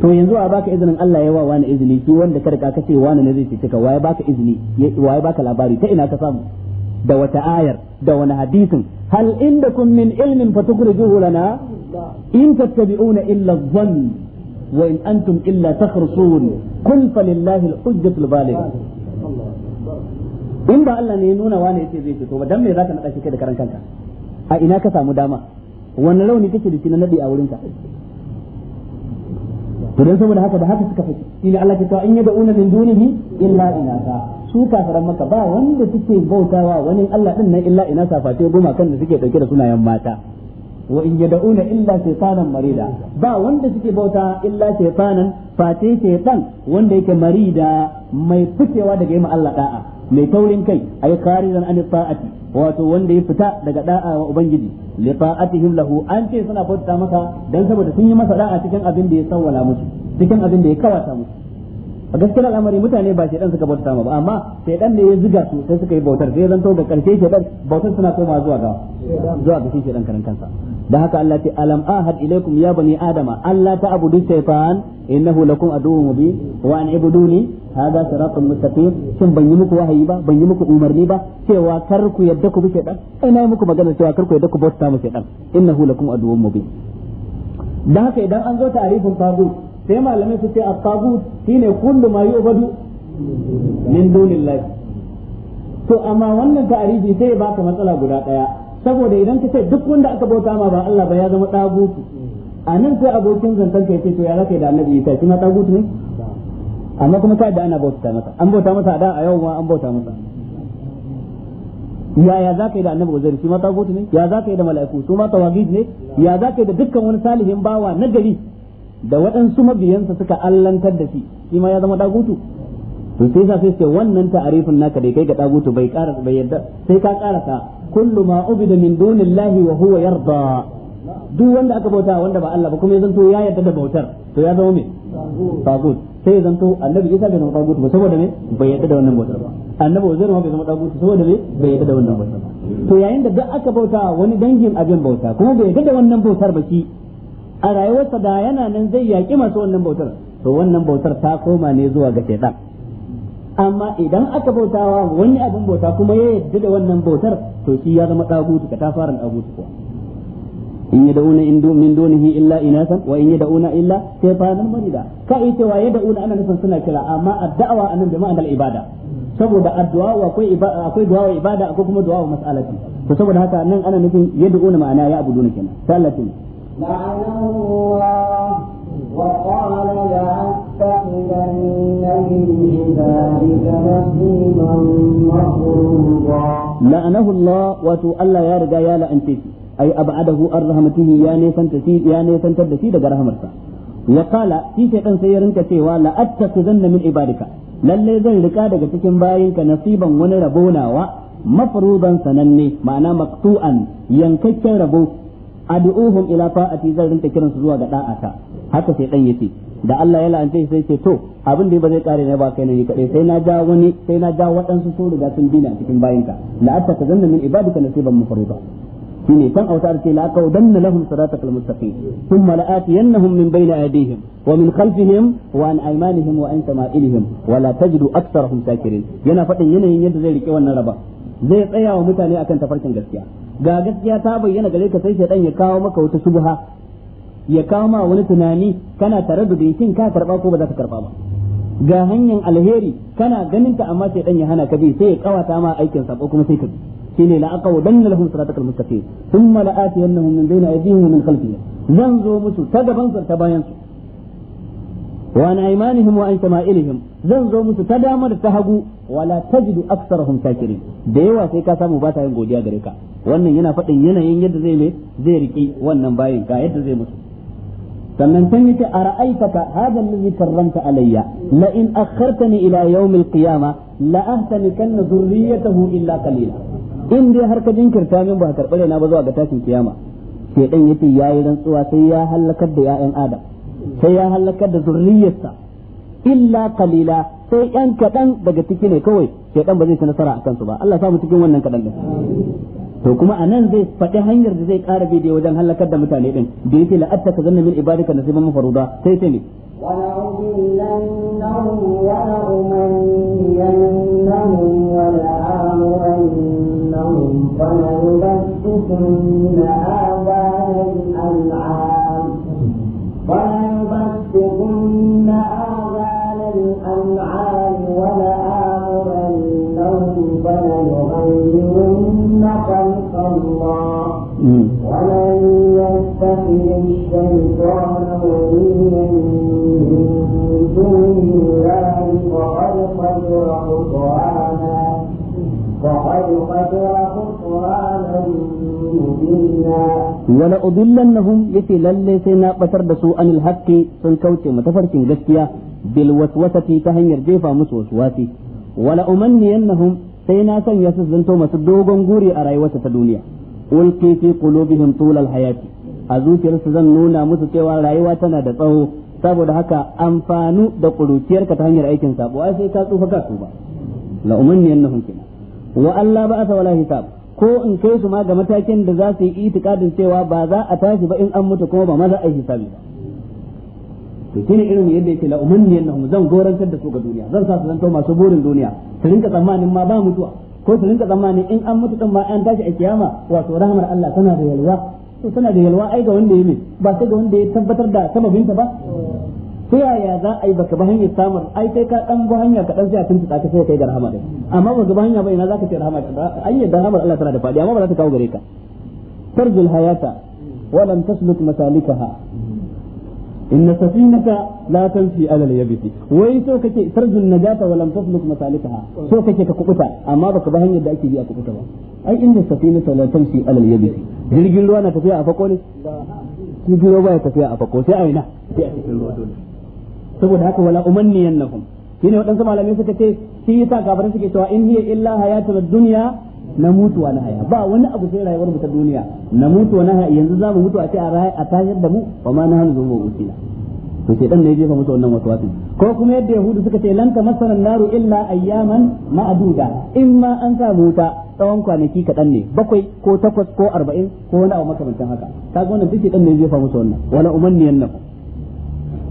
Speaker 1: to yanzu a baka izinin Allah ya wa wani izini shi wanda ka riga kace wani ne zai cece ka waye baka izini waye baka labari ta ina ka samu da wata ayar da wani hadisin hal indakum min ilmin fatukhrijuhu lana in tattabi'una illa dhann wa in antum illa takhrusun kun falillahi al-hujjatu baligh in ba Allah ne ya nuna wani yace zai fito ba dan me zaka nada shi kai da karan kanka a ina ka samu dama wannan rauni kake da shi na nadi a ka? to dan saboda haka da haka suka fake Ina Allah ke cewa in yad'una min dunihi illa inasa su kafaran maka ba wanda suke bautawa wani Allah din nan illa inasa fate goma kan da suke dauke da sunayen mata wa in yad'una illa shaytanan marida ba wanda suke bauta illa shaytanan fate shaytan wanda yake marida mai fitewa daga yima Allah da'a mai taurin kai ay karizan an ta'ati wato wanda ya fita daga da'a wa ubangiji li ta'atihim lahu an ce suna bauta maka dan saboda sun yi masa da'a cikin abin da ya sawwala musu cikin abin da ya kawata musu a gaskiyar al'amari mutane ba shaidan suka bauta ma ba amma shaidan ne ya ziga su sai suka yi bautar sai zanto ga karshe shaidan bautar suna koma zuwa ga zuwa ga shi shaidan karan kansa da haka Allah ce alam ahad ilaikum ya bani adama Allah ta'budu shaytan innahu lakum aduwwun mubin wa an ibuduni hada siratun mustaqim shin ban yi muku wahayi ba ban yi muku umarni ba cewa kar ku yadda ku bi shaidan ai na yi muku magana cewa kar ku yadda ku bauta ma shaidan innahu lakum aduwwun mubin da haka idan an zo ta'rifin tagut sai malamai su ce at shi shine kullu ma yi yu'badu min lafi to amma wannan ta'arifi sai ba baka matsala guda daya saboda idan ka ce duk wanda aka bauta ma ba Allah ba ya zama tagutu a nan sai abokin zantar ka ce to ya zaka da annabi ita shi ma tagutu ne amma kuma ka da ana bauta masa an bauta masa da a yau ma an bauta masa ya ya zaka da annabi Uzair shi ma tagutu ne ya zaka da mala'iku su ma tawagid ne ya zaka da dukkan wani salihin bawa na gari da waɗansu mabiyansa suka allantar da shi shi ma ya zama dagutu to sai sa sai ce wannan ta'arifin naka da kai ga dagutu bai ƙara bai yarda sai ka karasa kullu ma ubida min dunillahi wa huwa yarda duk wanda aka bauta wanda ba Allah ba kuma ya zanto ya yarda da bautar to ya zama me tagut sai ya zanto annabi Isa bai zama tagut ba saboda me bai yarda da wannan bautar ba annabi Uzair ma bai zama tagut saboda me bai yarda da wannan bautar ba to yayin da duk aka bauta wani dangin abin bauta kuma bai yarda da wannan bautar ba shi a rayuwarsa da yana nan zai yaƙi masu wannan bautar to wannan bautar ta koma ne zuwa ga shaitan amma idan aka bautawa wani abin bauta kuma ya yadda da wannan bautar to shi ya zama dagutu ka fara dagutu ko in yad'una min dunihi illa inasan wa in dauna illa shaytanan marida ka yi cewa dauna ana nufin suna kira amma addu'a anan bi ma'anar ibada saboda addu'a akwai ibada akwai du'a ibada akwai kuma du'a mas'alati to saboda haka nan ana nufin dauna ma'ana ya abuduna kenan sallatin لعنه الله وتو الله يا رجا يا اي ابعده ان رحمته يا نيسان تسي يا نيسان تدسي دغ رحمتك وقال في سير سيرن كتيوا لا اتخذن من عبادك لله زن رقا دغ تكين باينك نصيبا وني ربونا مفروضا سنني معنى مقطوعا ينكتر ربو ad'uhum ila ta'ati zan rinka kiran su zuwa ga da'ata haka sai dan yace da Allah ya la'ance sai ce to abin da ba zai kare ne ba kai ne kadai sai na ja wani sai na ja waɗansu sun riga sun bina cikin bayinka la ka zanna min ibadika nasiban mafruda shine kan autar ce la qaudanna lahum siratal mustaqim thumma la'atiyannahum min bayni aydihim wa min khalfihim wa an aymanihim wa an samailihim wa la tajidu aktharahum shakirin yana fadin yanayin yadda zai rike wannan raba zai tsaya wa mutane akan tafarkin gaskiya ga gaskiya ta bayyana gare ka sai shaidan ya kawo maka wata subha ya kawo ma wani tunani kana tare da shin ka karba ko ba za ka karba ba ga hanyar alheri kana ganin ta amma shaidan ya hana ka bi sai ya kawata ma aikin sa kuma sai ka bi shine la aqaw danna lahum siratal mustaqim thumma la atiyannahum min bayni aydihim min khalfihim zan zo musu ta gaban su ta bayan su wa an aymanihim wa an shama'ilihim zan zo musu ta dama da ta hagu wala tajidu aktsarahum shakirin da yawa sai ka samu ba ta yin godiya gare ka wannan yana faɗin yanayin yadda zai mai zai riki wannan bayin ka yadda zai musu sannan can yace ara'aytaka hadha alladhi karramta alayya la in akhartani ila yawm al-qiyamah la ahtanikanna dhurriyyatahu illa qalila in dai har ka jinkirta min ba karɓare na ba zuwa ga tashin kiyama shedan ya yi rantsuwa sai ya halakar da ya'yan adam sai ya halakar da zurriyarsa illa qalila sai yan kaɗan daga ciki ne kawai shedan ba zai ci nasara akan su ba Allah samu cikin wannan kadan din to kuma anan zai faɗi hanyar da zai ƙara bi wajen halakar da mutane din da yake la ka zanna min ibadika nasiban mafaruda sai sai ne
Speaker 3: ولأضلنهم ولأمنينهم ولآمرنهم من دون الله فقد فقد
Speaker 1: ولأضلنهم يتي للي سينا قتر بسوء عن الحق سنكوتي متفرك غسكيا بالوسوسة تهن يرجيفا مسوسواتي ولأمنينهم سينا سن يسزنتو مسدوغن غوري وسط الدنيا ألقي في قلوبهم طول الحياة a zuciyarsu zan nuna musu cewa rayuwa tana da tsawo saboda haka amfanu da kuruciyarka ta hanyar aikin sabo ai sai ka tsufa ka tsufa la umanni annahum kina wa alla ba'sa wala hisab ko in kai su ma ga matakin da za su yi itikadin cewa ba za a tashi ba in an mutu kuma ba ma za a yi hisabi to shine irin yadda yake la umanni annahum zan gorantar da su ga duniya zan sa su zanto masu burin duniya su rinka tsammanin ma ba mutuwa ko su rinka tsammanin in an mutu din ma an tashi a kiyama wato rahmar Allah tana da yalwa to tana da yalwa ai ga wanda ya ba sai ga wanda ya tabbatar da sababinta ba ta yaya za a yi baka ba hanyar samun ai kai ka dan ba hanya ka dan sai a tuntuka ka sai kai da rahama din amma ba ga hanya ba ina zaka ce rahama an yadda rahama Allah tana da fadi amma ba za ta kawo gare ka tarjul hayata wa lam tasluk masalikaha inna safinaka la tanfi alal yabisi wai so kake sarjun najata wa lam tasluk masalikaha so kake ka kubuta amma baka ba hanyar da ake bi a kubuta ba ai inna safinaka la tanfi alal yabisi jirgin ruwa na tafiya a fako jirgin ruwa ya tafiya a fako sai a ina sai a cikin ruwa dole saboda haka wala umanniyannahum shine waɗansu malamai suka ce shi yasa gabarin suke in hiya illa hayatuna duniya. na mutuwa na haya ba wani abu sai rayuwar mu ta duniya na mutuwa na haya yanzu za mu mutu a ce a raya a tashar da mu ba ma na hanu mu usila to dan ne je fa mutu wannan wasu. ko kuma yadda yahudu suka ce lan tamassana naru illa ayyaman ma'duda in ma an sa muta tsawon kwanaki kaɗan ne bakwai ko takwas ko arba'in ko wani abu makamantan haka kaga wannan duk dan ne je fa mutu wannan wala umanniyannakum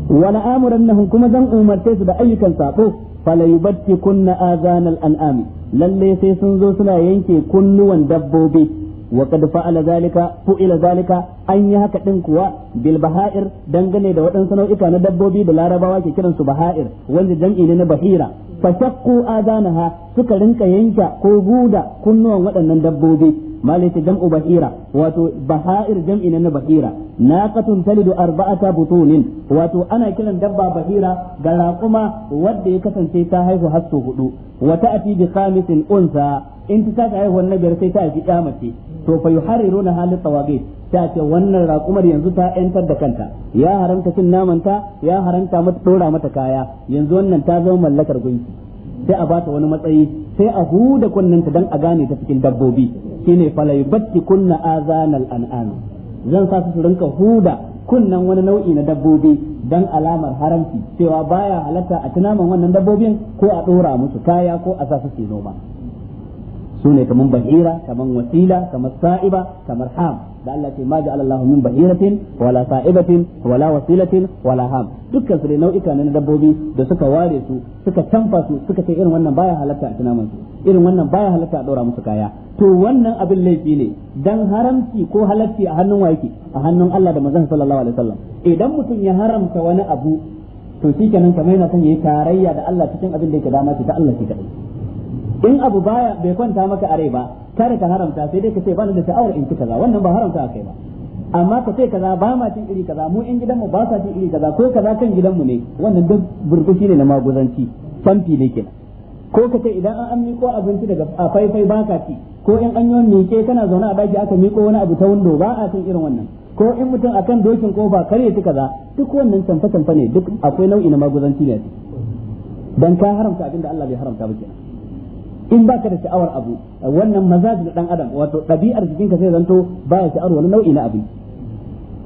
Speaker 1: wala amurannahum kuma zan umarce su da ayyukan sako fala kunna azanal an'ami lalle sai sun zo suna yanke kunnuwan dabbobi wa kad fa'ala zalika fu'ila zalika an yi haka din kuwa bil baha'ir dangane da waɗansu nau'ika na dabbobi da larabawa ke kiran su baha'ir wanda jam'i ne na bahira fa shakku azanaha suka rinka yanke ko guda kunnuwan waɗannan dabbobi malai ce jam'u bahira wato bahair jam'i na bahira naqatun talidu arba'ata butunin wato ana kiran dabba bahira ga raƙuma wadda ya kasance ta haihu har sau hudu wa ta'ati bi khamisin unsa in ta ta haihu na biyar sai ta haifi ɗa mace to fa yuharriruna halin tawagit ta ce wannan raƙumar yanzu ta yantar da kanta ya haramta cin namanta ya haramta mata dora mata kaya yanzu wannan ta zama mallakar gunki sai a bata wani matsayi sai a huda kunnanta dan a gane ta cikin dabbobi shine falayubatti kunna azanal an'am zan sa su rinka huda kunnan wani nau'i na dabbobi dan alamar haramci cewa baya halatta a tunaman wannan dabbobin ko a dora musu kaya ko a sa su su noma su ne kaman bahira kamar wasila kamar sa'iba kamar ham da Allah ce ma ja'ala Allahu min bahiratin wala sa'ibatin wala wasilatin wala ham dukkan su dai nau'ika ne na dabbobi da suka ware su suka canfa su suka ce irin wannan baya halatta a tunaman su irin wannan baya halatta a daura musu kaya to wannan abin laifi ne dan haramci ko halarci a hannun waye a hannun Allah da manzon sallallahu alaihi wasallam idan mutum ya haramta wani abu to shikenan kamar yana son yayi tarayya da Allah cikin abin da yake dama shi ta Allah shi kadai in abu baya bai kwanta maka a rai ba kare ka haramta sai dai ka ce ba ni da sha'awar in ci kaza wannan ba haramta a kai ba amma ka ce kaza ba ma cin iri kaza mu in gidanmu ba sa cin iri kaza ko kaza kan gidanmu ne wannan duk burbushi ne na maguzanci fanti ne kenan ko ka ce idan an miko abinci daga a faifai ba ka ci ko in an yi mike kana zaune a daki aka miko wani abu ta wando ba a cin irin wannan ko in mutum akan dokin kofa kar ci kaza duk wannan canfa canfa ne duk akwai nau'i na maguzanci ne dan ka haramta abinda Allah bai haramta ba kenan in baka da sha'awar abu wannan maza da dan adam wato ɗabi'ar jikinka sai zanto baya sha'awar wani nau'i na abu.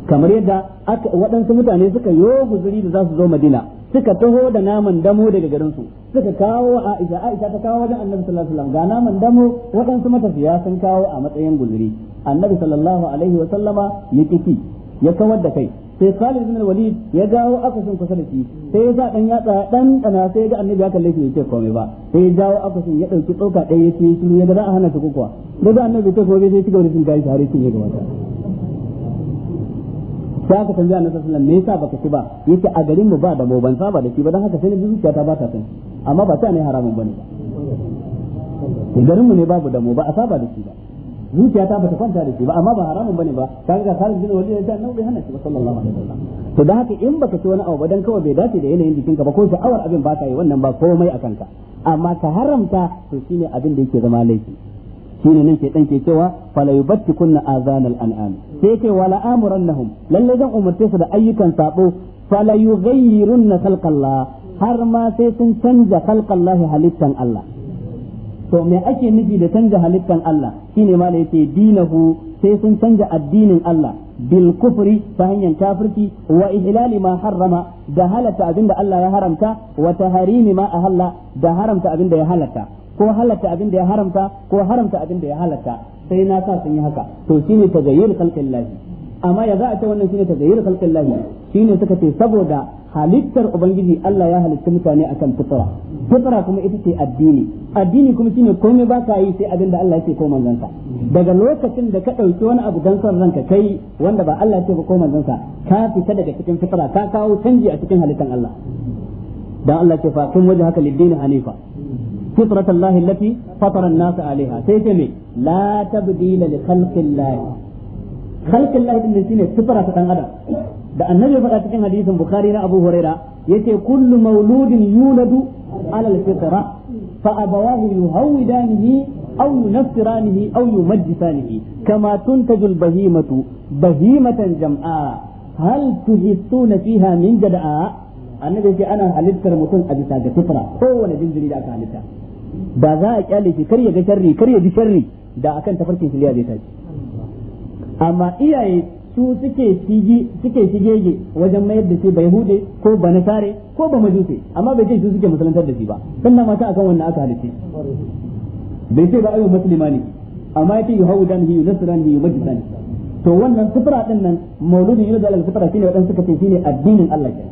Speaker 1: kamar yadda aka waɗansu mutane suka yo guzuri da za su zo madina suka taho da naman damo daga garinsu suka kawo aisha aisha ta kawo wajen annabi sallallahu alaihi wasallam ga naman damo waɗansu matafiya sun kawo a matsayin guzuri annabi sallallahu alaihi wasallama ya kiki ya kawar da kai sai Khalid bin Walid ya gawo akasin kusa da shi sai ya sa dan yatsa dan dana sai ya ga annabi ya kalle shi bai ce komai ba sai ya gawo akasin ya dauki tsoka ɗaya ya ce shiru ya ga za hana ta kuka da ga annabi ta gobe sai shiga wurin gashi har sai ya ga wata sai aka tambaya annabi sallallahu alaihi wasallam me yasa baka ci ba yace a garin mu ba da mu ban saba da shi ba dan haka sai ni zuciyata ba ta san amma ba ta ne haramun bane ba garin mu ne babu da mu ba a saba da shi ba zuciya ta bata kwanta da shi ba amma ba haramun bane ba kaga ga Khalid jin wani da annabi hana shi ba sallallahu alaihi wasallam to da haka in baka ci wani abu dan kawai bai dace da yanayin jikinka ba ko sha'awar abin ba ta yi wannan ba komai akan ka amma ka haramta to shine abin da yake zama laifi shine nan ke dan ke cewa fala kunna azanal an'am sai ce wala amurannahum lalle zan umarce su da ayyukan sabo fala yughayyirunna khalqallah har ma sai sun canja khalqallahi halittan Allah to me ake nufi da canja halittan Allah shine da yake dinahu sai sun canja addinin Allah bil kufri ta hanyar kafirci wa ihlali ma harrama da halatta abinda Allah ya haramta wa taharimi ma ahalla da haramta abinda ya halatta ko halatta abinda ya haramta ko haramta abinda ya halatta sai na sa sun yi haka to shine tagayyur khalqillahi amma ya za a ce wannan shine tagayyur khalqin lahi shine suka ce saboda halittar ubangiji Allah ya halitta mutane akan fitra fitra kuma ita ce addini addini kuma shine komai ba ka yi sai abin da Allah yake ko manzansa daga lokacin da ka dauki wani abu dan son ranka kai wanda ba Allah yake ba ko manzansa ka fita daga cikin fitra ka kawo canji a cikin halittar Allah dan Allah ke fa kun waje haka lidini hanifa fitratallahi allati fatara an-nasa alaiha sai ce me la tabdila li khalqillah halkin lahi din shine sifara ta dan adam da annabi faɗa cikin hadisin bukhari na abu huraira yace kullu mauludin yuladu ala al-fitra fa abawahu yuhawidanihi aw yunassiranihi aw yumajjisanihi kama tuntaju bahimatu bahimatan jam'a hal tuhissuna fiha min jada'a annabi yace ana halittar mutum a bisa ga fitra kowane jinjiri da aka halitta da za a kyale shi kar ya ga sharri kar ya ji sharri da akan tafarkin shiriya zai tashi amma iyaye su suke shige suke shigege wajen mayar da shi bai hude ko ba nasare ko ba majuse amma bai ce su suke musulantar da shi ba sannan mata akan wannan aka halice bai ce ba ayu muslimani amma yake yuhawdan hi yunasran hi yumajjisan to wannan sufura din nan mauludi yunus al sifra shine wadan suka ce shine addinin Allah ke.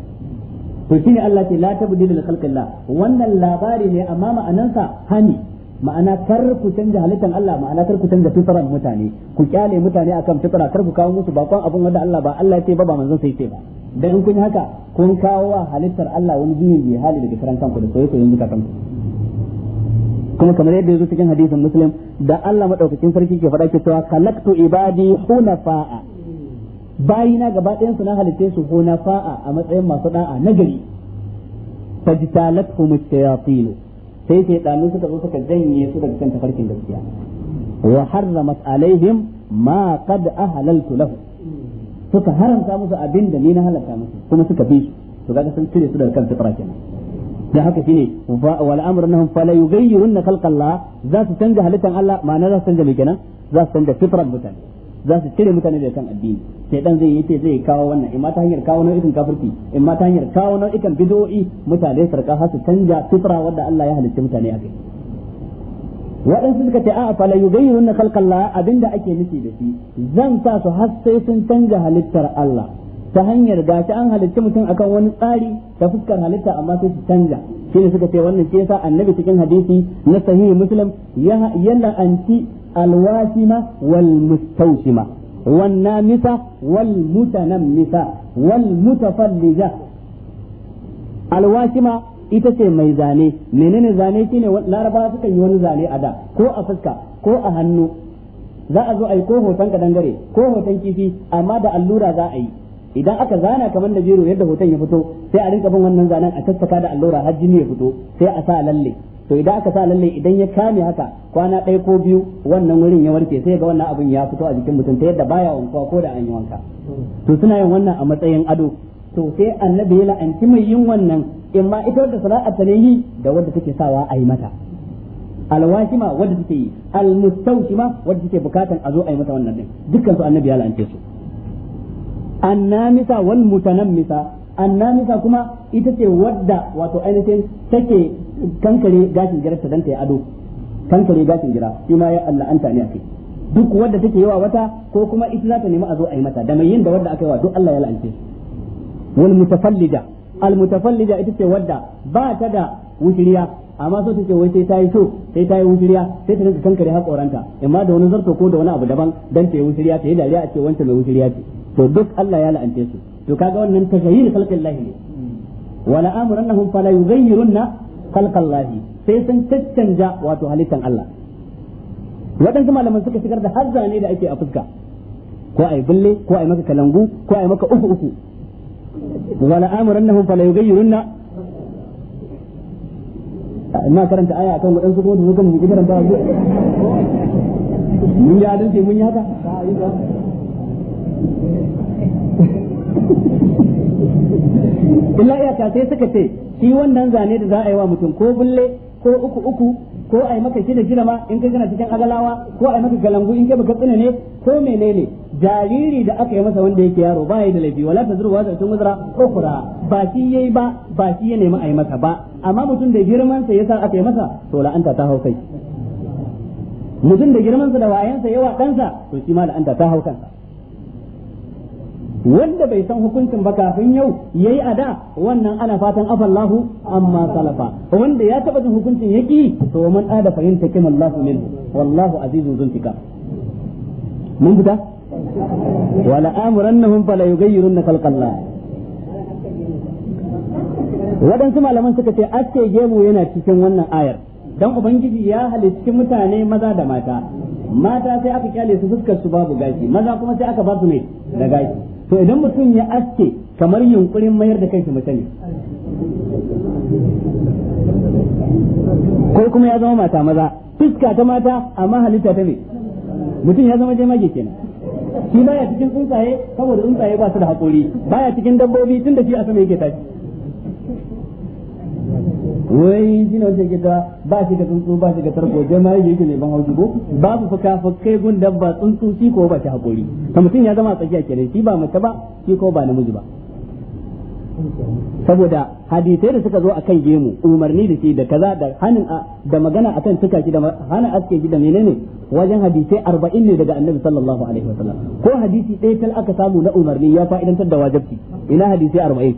Speaker 1: to shine Allah ke la tabdila li khalqillah wannan labari ne amma ma'anansa hani ma'ana kar ku canja halittan Allah ma'ana kar ku canja fitran mutane ku kyale mutane akan fitra kar ku kawo musu bakon abun wanda Allah ba Allah ce ba ba manzon sai ce ba dan in kun haka kun kawo wa halittar Allah wani juyin bi hali daga karan kanku da soyayya yanzu ka kanku kuma kamar yadda yazo cikin hadisin muslim da Allah madaukakin sarki ke faɗa cewa kalaktu ibadi hunafa'a bayina gaba ɗayan su na halitte su hunafa'a a matsayin masu da'a nagari fajtalathum ash-shayatin sai shaytanu suka zo suka janye su daga kan tafarkin gaskiya wa harramat alaihim ma qad ahlaltu lahu suka haramta musu abin da ni na halalta musu kuma suka bi su to kaga sun cire su daga kan fitra kenan da haka shine wal amru annahum fala yughayyirunna khalqa Allah za su canja halittan Allah ma'ana za su canja me kenan za su canja fitran mutane za su cire mutane da kan addini sai dan zai yace zai kawo wannan imma ta hanyar kawo nau'ikan kafirci imma ta hanyar kawo nau'ikan bid'o'i mutane sarka har su canja sifra wanda Allah ya halitta mutane akai waɗansu suka ce a'a fala yughayyiruna khalqallah abinda ake nufi da shi zan sa su har sai sun canja halittar Allah ta hanyar gashi an halitta mutum akan wani tsari ta fuskar halitta amma sai su canja shine suka ce wannan shi yasa annabi cikin hadisi na sahihi muslim yana anti الواسمة والمستوسمة والنامسة والمتنمسة والمتفلجة الواسمة ita ce mai zane menene zane shine laraba suka yi wani zane a da ko a fuska ko a hannu za a zo a yi ko hoton ka dangare ko hoton kifi amma da allura za a yi idan aka zana kamar da jero yadda hoton ya fito sai a rinka bin wannan zanen a tattaka da allura har jini ya fito sai a sa lalle to idan aka sa lalle idan ya kame haka kwana ɗaya ko biyu wannan wurin ya warke sai ga wannan abin ya fito a jikin mutum ta yadda baya wanka ko da an yi wanka to suna yin wannan a matsayin ado to sai annabi ya la'anci mai yin wannan in ma ita wadda sana'a ta ne yi da wadda take sawa a yi mata alwashima wadda take yi almustawshima wadda take bukatan a zo a yi mata wannan din dukkan su annabi ya la'ance su annamisa wal mutanammisa annamisa kuma ita ce wadda wato ainihin take kankare gashin girarta ta danta ya ado kankare gashin gira shi ma ya Allah anta ne akai duk wanda take yawa wata ko kuma ita za ta nemi a zo a yi mata da mai yin da wanda aka yawa duk Allah ya la'ance wal mutafallida al mutafallida ita ce wadda ba ta da wushiriya amma so take wai sai ta yi so sai ta yi wushiriya sai ta rinka kankare hakoranta amma da wani zarto ko da wani abu daban dan ta yi wushiriya ta yi dariya a ce wancan mai wushiriya ce to duk Allah ya la'ance su to kaga wannan tagayyir khalqin ne wala amrunahum fala yughayyirunna khalqan sai sun caccanja wato halittan Allah waɗansu malaman suka shigar da har zane da ake a fuska ko ai bulle ko ai maka kalangu ko ai maka uku uku wala amrannahum fala yughayyirunna ina karanta aya akan waɗansu ko da zukan mu gidan ba mun yi adalci mun yi haka illa iyaka sai suka ce shi wannan zane da za a yi wa mutum ko bulle ko uku uku ko a yi maka da shida ma in kai kana cikin agalawa ko a yi maka galangu in kai baka tsina ne ko menene jariri da aka yi masa wanda yake yaro ba ya da laifi wala zuru wata tun wazra ukhra ba shi yayi ba ba shi ya nemi a yi masa ba amma mutum da girman sa yasa aka yi masa to la'anta ta hau kai mutum da girman sa da wayansa yawa sa to shi ma la'anta ta hau kansa wanda bai san hukuncin ba kafin yau yayi ada wannan ana fatan afallahu amma salafa wanda ya taba jin hukuncin yaki to man ada fahimta kim Allahu min wallahu azizun zuntika mun fita wala amurannahum fala yughayyirunna khalqallah waɗansu malaman suka ce aske gemu yana cikin wannan ayar dan ubangiji ya halicci mutane maza da mata mata sai aka kyale su fuskar su babu gashi maza kuma sai aka ba su ne da gashi to idan mutum ya aske kamar yunkurin mayar da kai mace ne ko kuma ya zama mata maza fuska ta mata amma halitta ta ne mutum ya zama jemage kenan
Speaker 2: shi baya cikin tsuntsaye
Speaker 1: saboda tsuntsaye ba su da haƙuri baya cikin dabbobi tun da shi a sama yake tashi wai shi ne wajen gida ba shi ga tsuntsu ba shi ga tarko jama'a da yake ban haushi ko babu fuka kai gun dabba tsuntsu shi ko ba shi hakuri ta mutum ya zama a tsakiya kenan shi ba mace ba shi ko ba namiji ba saboda hadisai da suka zo akan gemu umarni da shi da kaza da da magana akan tuka shi da hannun aske shi da menene wajen hadisai arba'in ne daga annabi sallallahu alaihi wasallam ko hadisi ɗaya tal aka samu na umarni ya fa'idantar da wajabci ina hadisai arba'in.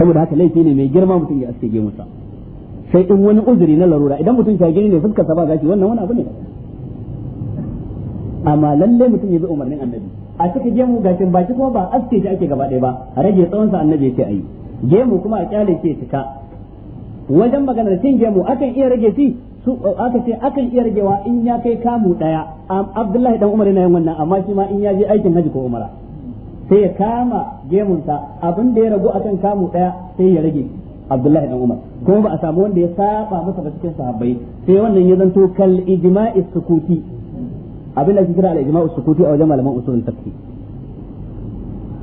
Speaker 1: saboda haka laifi ne mai girma mutum ya aske sa sai in wani uzuri na larura idan mutum ya gani ne fuskar sa ba gashi wannan wani abu ne amma lalle mutum ya bi umarnin annabi a cikin gemu gashin baki kuma ba aske shi ake gaba ɗaya ba a rage tsawon sa annabi yake ayi gemu kuma a kyale ke cika wajen maganar cin gemu akan iya rage shi su aka ce akan iya ragewa in ya kai kamu daya Abdullahi dan Umar yana yin wannan amma shi ma in ya je aikin haji ko umara sai ya kama gemunsa abin da ya ragu akan kamu daya sai ya rage Abdullahi dan Umar kuma ba a samu wanda ya saba masa da cikin sahabbai sai wannan ya zanto kal ijma'i sukuti abin da kira al ijma'u sukuti a wajen malaman usulul tafsir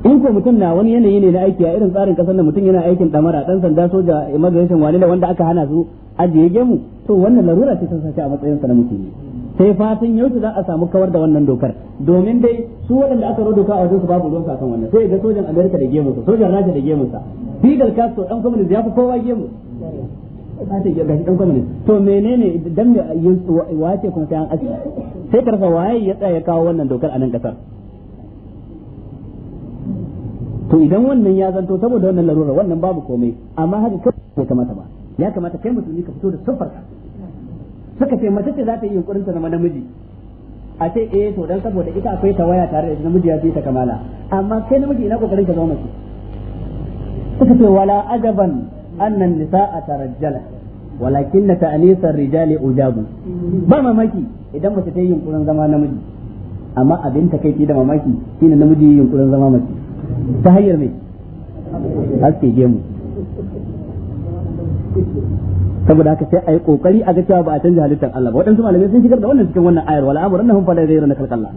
Speaker 1: in ko mutum na wani yanayi ne na aiki a irin tsarin kasar da mutum yana aikin damara dan sanda soja immigration wani da wanda aka hana su ajiye gemu to wannan larura ce ta sace a matsayin sa na musulmi sai fatan yau za a samu kawar da wannan dokar domin dai su waɗanda aka rodo ka a wajen su babu ruwan kan wannan sai ga sojan Amerika da gemu sa sojan Rasha da gemu sa Fidel Castro dan communist ya fi kowa gemu ta ce gashi dan communist to menene dan me wace kuma sai an asiri sai karfa waye ya tsaya ya kawo wannan dokar a nan kasar to idan wannan ya zanto saboda wannan larura wannan babu komai amma haka kai kamata ba ya kamata kai musulmi ka fito da siffarka suka ce mace ce za ta yi yunkurin ta zama namiji a ce eh to dan saboda ita akwai ta waya tare da namiji ya fi ta kamala amma kai namiji ina kokarin ka zama mace suka ce wala ajaban annan nisa'a tarajjala walakin na ta'anisar rijali ujabu ba mamaki idan mace ta yi yunkurin zama namiji amma abin ta kai da mamaki shine namiji yi yunkurin zama mace ta hanyar mai haske gemu saboda haka sai a yi kokari a ga cewa ba a canja halittar Allah ba waɗansu malamai sun shigar da wannan cikin wannan ayar wala amrun nahum fala yayruna khalqalla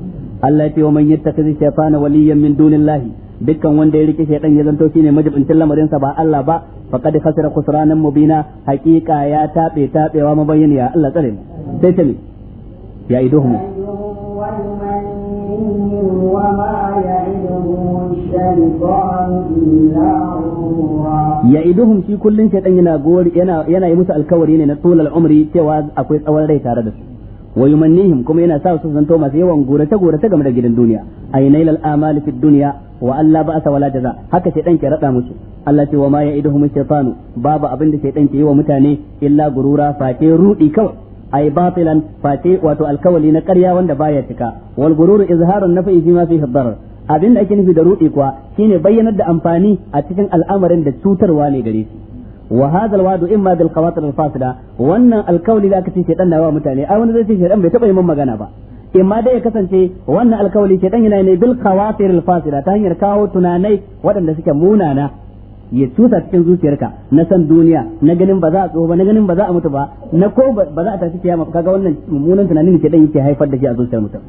Speaker 1: Allah ya ce wa man yattakhidhi shaytana waliyan min dunillahi dukkan wanda ya rike shaytan ya zanto shine majibincin lamarin sa ba Allah ba faqad khasira khusranan mubina haqiqa ya tabe tabewa mabayyaniya Allah tsare mu sai ta ne ya idohum
Speaker 3: وما ya
Speaker 1: iduhum shi kullun shaytan yana gori yana yana yi musu alkawari ne na tulal umri cewa akwai tsawon rai tare da su wa yumannihim kuma yana sa su zanto masu yawan gorata ta game da gidan duniya aynail al amal fi dunya wa alla ba'sa wala jaza haka shaytan ke rada musu Allah ce wa ma ya'iduhum shaytanu babu abin da shaytan ke yi wa mutane illa gurura fate rudi kawai ay batilan fate wato alkawali na karya wanda baya cika wal gururu izharun nafi fi ma fihi abin da ake nufi da rudi kuwa shine bayyanar da amfani a cikin al'amarin da cutarwa ne gare shi wa hadha alwadu imma bil qawatir fasida wannan alkawli da aka ce shedan na wa mutane ai wani zai ce shedan bai taba yi magana ba imma dai ya kasance wannan alkawli shedan yana ne bil qawatir fasida ta hanyar kawo tunanai waɗanda suke munana ya cusa cikin zuciyarka na san duniya na ganin ba za a tsoho ba na ganin ba za a mutu ba na ko ba za a tafi kiyama kaga wannan mummunan tunanin shedan yake haifar da shi a zuciyar mutum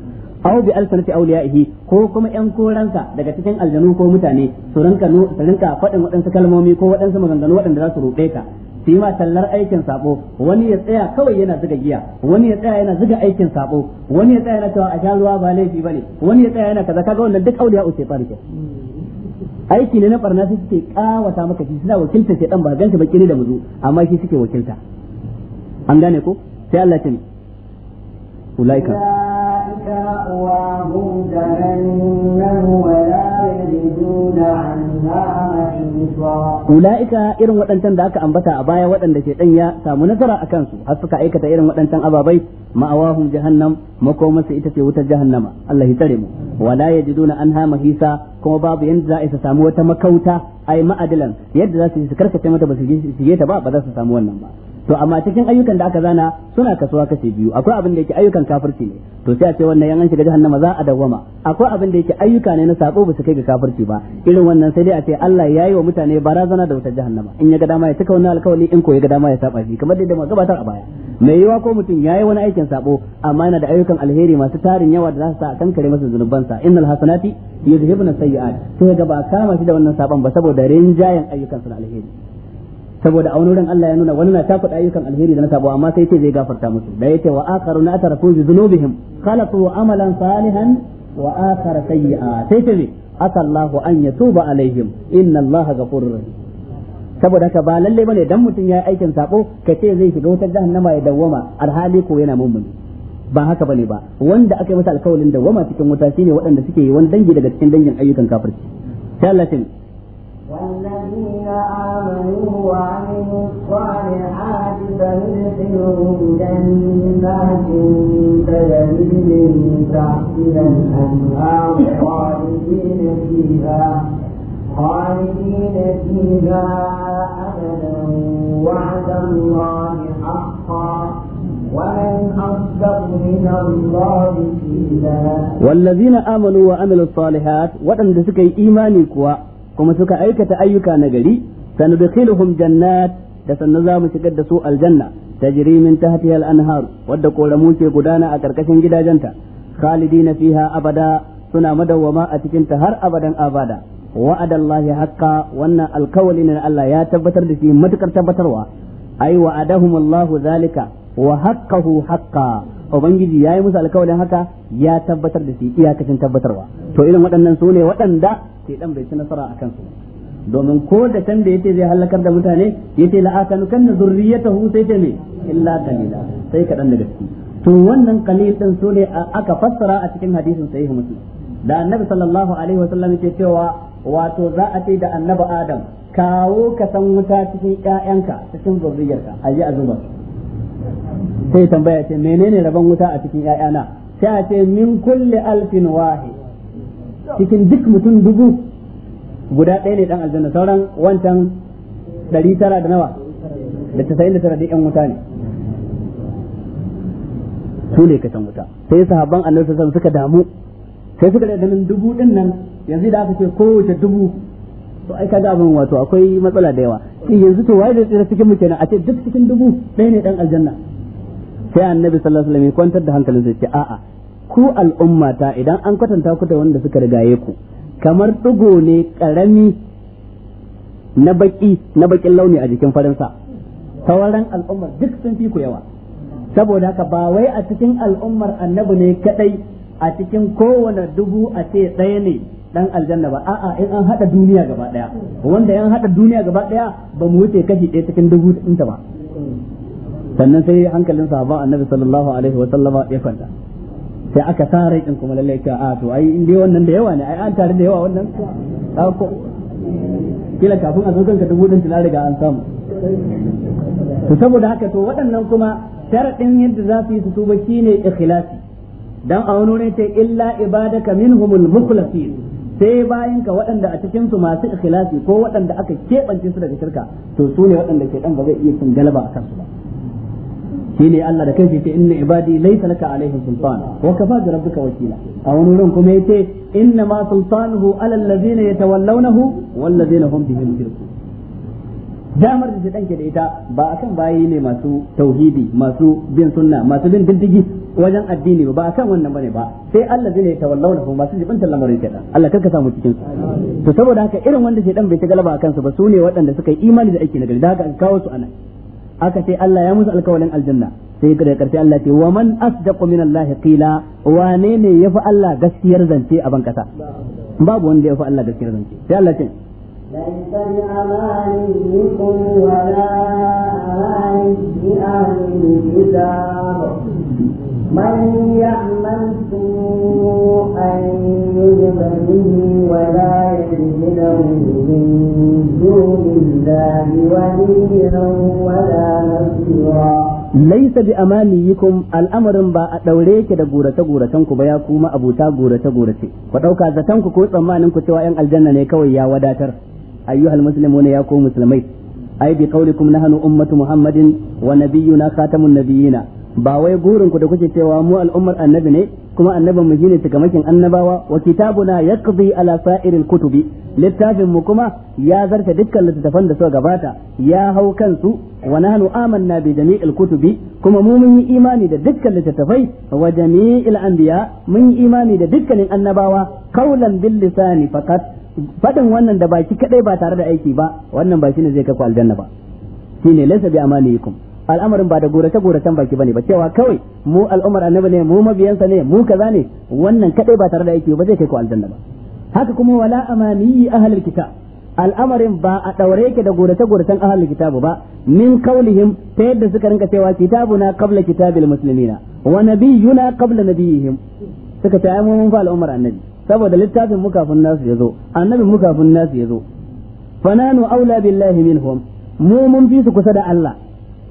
Speaker 1: aw bi alfanati awliyaihi ko kuma yan koransa daga cikin aljanu ko mutane su rinka su rinka faɗin waɗansu kalmomi ko waɗansu maganganu waɗanda za su roƙe ka su ma tallar aikin sabo wani ya tsaya kawai yana zuga giya wani ya tsaya yana zuga aikin sabo wani ya tsaya yana cewa a sha ruwa ba laifi bane wani ya tsaya yana kaza kaga wannan duk auliya usai farke aiki ne na barna sai suke kawata maka shi suna wakilta sai dan ba ganka ba kire da muzu amma shi suke wakilta an gane ko sai Allah ya ce ulaika
Speaker 3: مأواهم جهنم
Speaker 1: Ula'ika irin waɗancan da aka ambata a baya waɗanda ke ya samu nasara a kansu har suka aikata irin waɗancan ababai ma'awahum jahannam makomarsa ita ce wutar jahannama Allah ya tsare mu wala yajiduna anha mahisa kuma babu yanda za su samu wata makauta ai ma'adilan yadda za su karkace mata ba su shige ta ba ba za su samu wannan ba to amma cikin ayyukan da aka zana suna kasuwa kashe biyu akwai abin da yake ayyukan kafirci ne to sai a ce wannan yan shiga jahannama za a dawwama akwai abin da yake ayyuka ne na sako ba su kai ga kafirci ba irin wannan sai dai a ce Allah ya yi wa mutane barazana da wutar jahannama in ya ga dama ya cika wannan alkawari in ko ya ga dama ya saba shi kamar da mu gabatar a baya mai yiwa ko mutum ya yi wani aikin sabo amma yana da ayyukan alheri masu tarin yawa da za su sa a kankare masa zunubansa innal hasanati yuzhibna sayyi'at sai ga ba kama shi da wannan saban ba saboda rinjayen ayyukan sa alheri saboda a wani Allah ya nuna wani na ta faɗa ayyukan alheri da na sabo amma sai ce zai gafarta musu da yace wa akharuna atarafu bi dhunubihim khalaqu amalan salihan wa akhar sayyi'a sai ce asallahu an yatuba alaihim inna Allah ghafurur rahim saboda haka ba lalle bane dan mutum yayi aikin sabo ka ce zai shiga wutar jahannama ya dawwama alhali ko yana mummuni ba haka bane ba wanda aka yi masa alkawalin dawwama cikin wuta shine waɗanda suke yi wani dangi daga cikin dangin ayyukan kafirci sai
Speaker 2: Allah
Speaker 3: آمنوا وعملوا الصالحات فندخلهم جنات تجري من تحتها الأنهار خالدين فيها خالدين فيها أبدا وعد الله حقا ومن أصدق من الله والذين
Speaker 1: آمنوا وعملوا الصالحات وأن سكي إيماني كوا kuma suka aikata ayyuka na gari sanudkhiluhum jannat da sannan za mu shigar da su aljanna tajri min tahtiha al-anhar wadda koramu ke gudana a karkashin gidajenta khalidina fiha abada suna madawwama a cikin ta har abadan abada wa'adallahi Allah wannan alkawalin ne Allah ya tabbatar da shi matukar tabbatarwa ai wa'adahum Allah zalika wa haqqahu haqqa ubangiji yayi musu alkawalin haka ya tabbatar da shi iyakacin tabbatarwa to irin waɗannan su ne waɗanda shedan bai ci nasara a su domin ko da can da yace zai halakar da mutane yace la akanu kan zurriyatahu sai ta ne illa qalila sai kadan daga ciki to wannan kalil din so ne aka fassara a cikin hadisin sahih muslim da annabi sallallahu alaihi sallam yake cewa wato za a ce da annabi adam kawo ka san wuta cikin ƴaƴanka cikin zurriyarka aje a zuba sai tambaya ce menene rabon wuta a cikin ƴaƴana sai a ce min kulli alfin wahid cikin duk mutum dubu guda ɗaya ne ɗan aljanna sauran wancan ɗari tara da nawa da tasa'in da tara da yan wuta ne su ne kasan wuta sai sahabban annabi sun suka damu sai suka da ganin dubu ɗin nan yanzu da aka ce kowace dubu to ai kaga abin wato akwai matsala da yawa yanzu to waye da tsira cikin mu kenan a ce duk cikin dubu ɗaya ne ɗan aljanna sai annabi sallallahu alaihi wasallam ya kwantar da hankalin zai ce a'a ku al'ummata idan an kwatanta ku da wanda suka rigaye ku kamar ɗigo ne ƙarami na baki na bakin launi a jikin farinsa sauran al'ummar duk sun fi ku yawa saboda haka ba wai a cikin al'ummar annabi ne kadai a cikin kowane dubu a ce ɗaya ne dan aljanna ba a'a in an hada duniya gaba daya wanda yan haɗa duniya gaba daya ba mu wuce kashi ɗaya cikin dubu ɗinta ba sannan sai hankalin sahaba annabi sallallahu alaihi wa sallama ya kwanta sai aka sa rai din kuma lallai ka a to ai in dai wannan da yawa ne ai an tare da yawa wannan ko kila kafin a zo kanka dubu din tana riga an samu to saboda haka to waɗannan kuma sharadin yadda za su yi su tuba shine ikhlasi dan a wani sai illa ibadaka minhumul mukhlasin sai bayan ka waɗanda a cikin su masu ikhlasi ko waɗanda aka keɓance su daga shirka to su ne waɗanda ke dan ba zai iya cin galaba a kansu ba shine Allah da kansa yace inna ibadi laysa laka alaihim sultan wa kafa bi rabbika wakila a wani wurin kuma yace inna ma sultanuhu ala allazina yatawallawnahu wal ladzina hum bihi mushrikun damar da shedan ke da ita ba akan bayi ne masu tauhidi masu bin sunna masu bin diddigi wajen addini ba ba akan wannan bane ba sai Allah zai tawalla wa masu jibintar lamarin shedan Allah kanka samu cikin su to saboda haka irin wanda shedan bai ta galaba akan su ba su ne waɗanda suka yi imani da ake na gari da haka an kawo su anan aka ce Allah ya musu alkawalin aljanna sai da karshe Allah ce wa man asdaqu min Allah qila wane ne yafi Allah gaskiyar zance a ban kasa babu wanda yafi Allah gaskiyar zance sai Allah ce
Speaker 3: ليس بأمانيكم ولا أماني أهل الكتاب من يعمل سوءا يجب به ولا يجد له من دون الله وليا ولا نصيرا
Speaker 1: Laisa bi yikum al'amarin ba a ɗaure yake da gurace guracenku ba ya kuma abuta gurace-gurace, ku ɗauka zaton ku ko tsammanin ku cewa ‘yan aljanna ne kawai ya wadatar, ayyuhal muslimuna ya ko musulmai, ai bi na hannu, ummatu Muhammadin wa na khatamun nabiyina ba wai gurin ku da kuke cewa mu al'ummar annabi ne kuma annabin mu shine tukamakin annabawa wa kitabuna yaqdi ala sa'iril kutubi littafin mu kuma ya zarta dukkan littafan da suka gabata ya hau kansu wa nahnu amanna bi jami'il kutubi kuma mu mun yi imani da dukkan littafai wa jami'il anbiya mun yi imani da dukkanin annabawa qaulan bil lisani faqat fadin wannan da baki kadai ba tare da aiki ba wannan ba shine zai kafa aljanna ba shine laysa bi amanikum al'amarin ba da gorace goracen baki bane ba cewa kawai mu al'ummar annabi ne mu mabiyansa ne mu kaza ne wannan kadai ba tare da aiki ba zai kai ku aljanna ba haka kuma wala amani ahlul kitab al'amarin ba a daure yake da gorace goracen ahlul kitab ba min kaulihim ta yadda suka rinka cewa kitabuna qabla kitabil muslimina wa nabiyuna qabla nabiyihim suka ta yi mun fa al'ummar annabi saboda littafin mu kafin nasu yazo annabin mu kafin nasu yazo fananu aula billahi minhum mu mun fi su kusa da Allah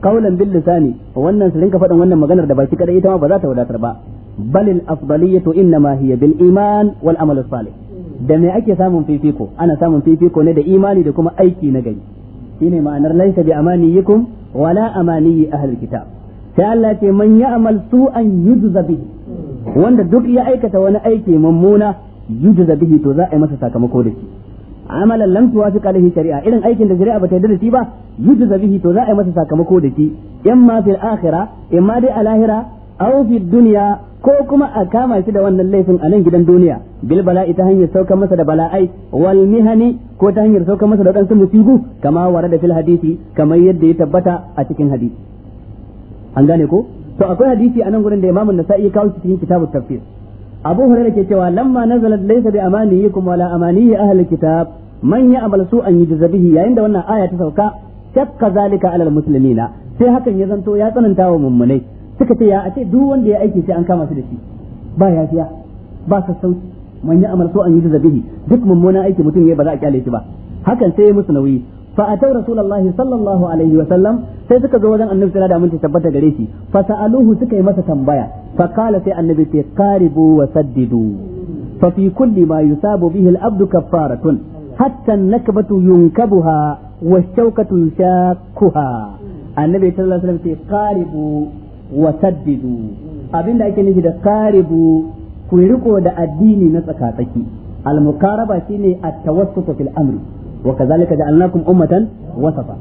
Speaker 1: kaulan bil lisani wannan su rinka faɗin wannan maganar da baki kada ita ma ba za ta wadatar ba balil afdaliyatu innama hiya bil iman wal amal salih da me ake samun fifiko ana samun fifiko ne da imani da kuma aiki na gari shine ma'anar laysa bi amaniyikum wala amaniyi ahlul kitab sai Allah ce man ya'mal su'an yujza
Speaker 2: bihi
Speaker 1: wanda duk ya aikata wani aiki mummuna yujza bihi to za a yi masa sakamako da shi amalan lam tuwafiq alaihi shari'a irin aikin da shari'a bata yarda da shi ba yujza bihi to za a yi masa sakamako da shi imma fil akhira ma dai a lahira aw fid dunya ko kuma a kama shi da wannan laifin a nan gidan duniya bil bala'i ta hanyar saukar masa da bala'ai wal mihani ko ta hanyar saukar masa da wadansu musibu kama warada fil hadisi kamar yadda ya tabbata a cikin hadisi an gane ko to akwai hadisi a nan gurin da imamun nasa'i ya kawo cikin kitabut tafsir abu hurairah ke cewa lamma nazalat laysa bi amaniyikum wala amaniyi ahlul kitab man ya amal su an yi bihi yayin da wannan aya ta sauka shakka zalika alal muslimina sai hakan ya zanto ya tsananta wa mummunai suka ce ya a ce duk wanda ya aiki sai an kama su da shi ba yafiya ba sassauci man ya amal su an yi bihi duk mummunan aiki mutum ya ba za a kyale shi ba hakan sai ya musu nauyi fa atau rasulullahi sallallahu alaihi wa sallam sai suka zo wajen annabi sallallahu alaihi wa tabbata gare shi fa sa'aluhu suka yi masa tambaya fa qala sai annabi ce qaribu wa saddidu fa fi kulli ma yusabu bihi al-abdu kaffaratun hatta nakbatu yunkabuha wa shawkatu yushakuha annabi sallallahu alaihi wasallam ce qaribu wa saddidu abinda ake nufi da qaribu ku da addini na tsakatsaki al mukaraba shine a tawassut fil amri wa kadhalika ja'alnakum ummatan wasafa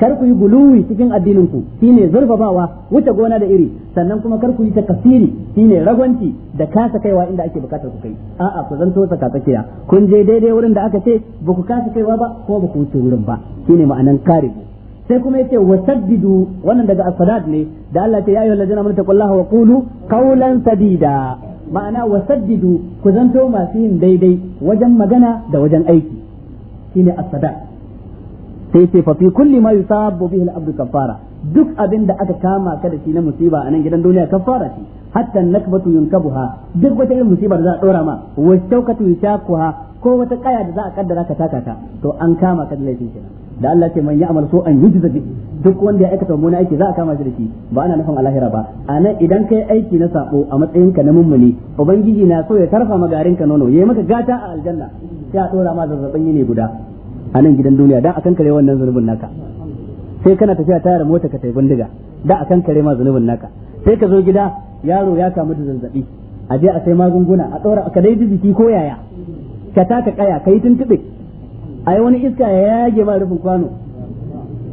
Speaker 1: kar ku yi guluwi cikin addinin ku shine zurfafawa wuce gona da iri sannan kuma kar ku yi takasiri shine ragwanci da kasa kaiwa inda ake bukatar ku kai a'a ku zanto tsakiya kun je daidai wurin da aka ce ba ku kasa kaiwa ba ko ba ku wuce wurin ba shine ma'anan karibu sai kuma yace wasaddidu wannan daga as ne da Allah ya ayyuhal ladina amantu taqullaha wa qulu qawlan sadida ma'ana wasaddidu ku zanto masu yin daidai wajen magana da wajen aiki shine as sai ce fa fi kulli ma yusabu bihi al-abd kaffara duk abin da aka kama ka da shi na musiba a nan gidan duniya kafara ce hatta nakbatu yunkabuha duk wata irin musiba da za a dora ma wa shaukatu yushaquha ko wata kaya da za a kaddara ka taka ta to an kama ka da laifin kenan da Allah ce man ya'mal so an yujza bi duk wanda ya aikata mummuna aiki za a kama shi da shi ba ana nufin alahira ba anan idan kai aiki na sabo a matsayin ka na mummuni ubangiji na so ya tarfa magarin ka nono yayi maka gata a aljanna sai a dora ma zazzabin yini guda a nan gidan duniya dan akan kare wannan zunubin naka sai kana tafiya tare mota ka tai bindiga dan akan kare ma zunubin naka sai ka zo gida yaro ya kamu da zazzabi a je a sai magunguna a tsora ka jiki ko yaya ka taka kaya ka yi tuntuɓe wani iska ya yage ma rufin kwano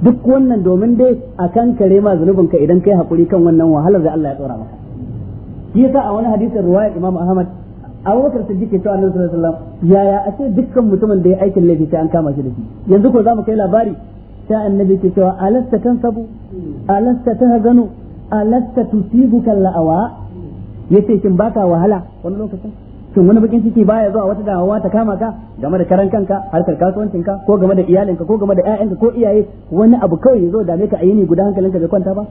Speaker 1: duk wannan domin dai a kan kare ma zunubin ka idan kai hakuri kan wannan wahalar da Allah ya tsora maka shi yasa a wani hadisin riwayar Imam Ahmad abubakar siddiq ke cewa annabi sallallahu alaihi wasallam yaya a ce dukkan mutumin da ya aikin laifi sai an kama shi da shi yanzu ko za mu kai labari sai annabi ke cewa alasta sabu alasta gano alasta tusibuka la'awa yace kin baka wahala wani lokacin shin wani bakin ciki baya zuwa wata damuwa ta kama ka game da karan kanka harkar kasuwancin ka ko game da iyalinka ko game da ƴaƴanka ko iyaye wani abu kawai yazo dame ka a yini guda hankalinka bai kwanta ba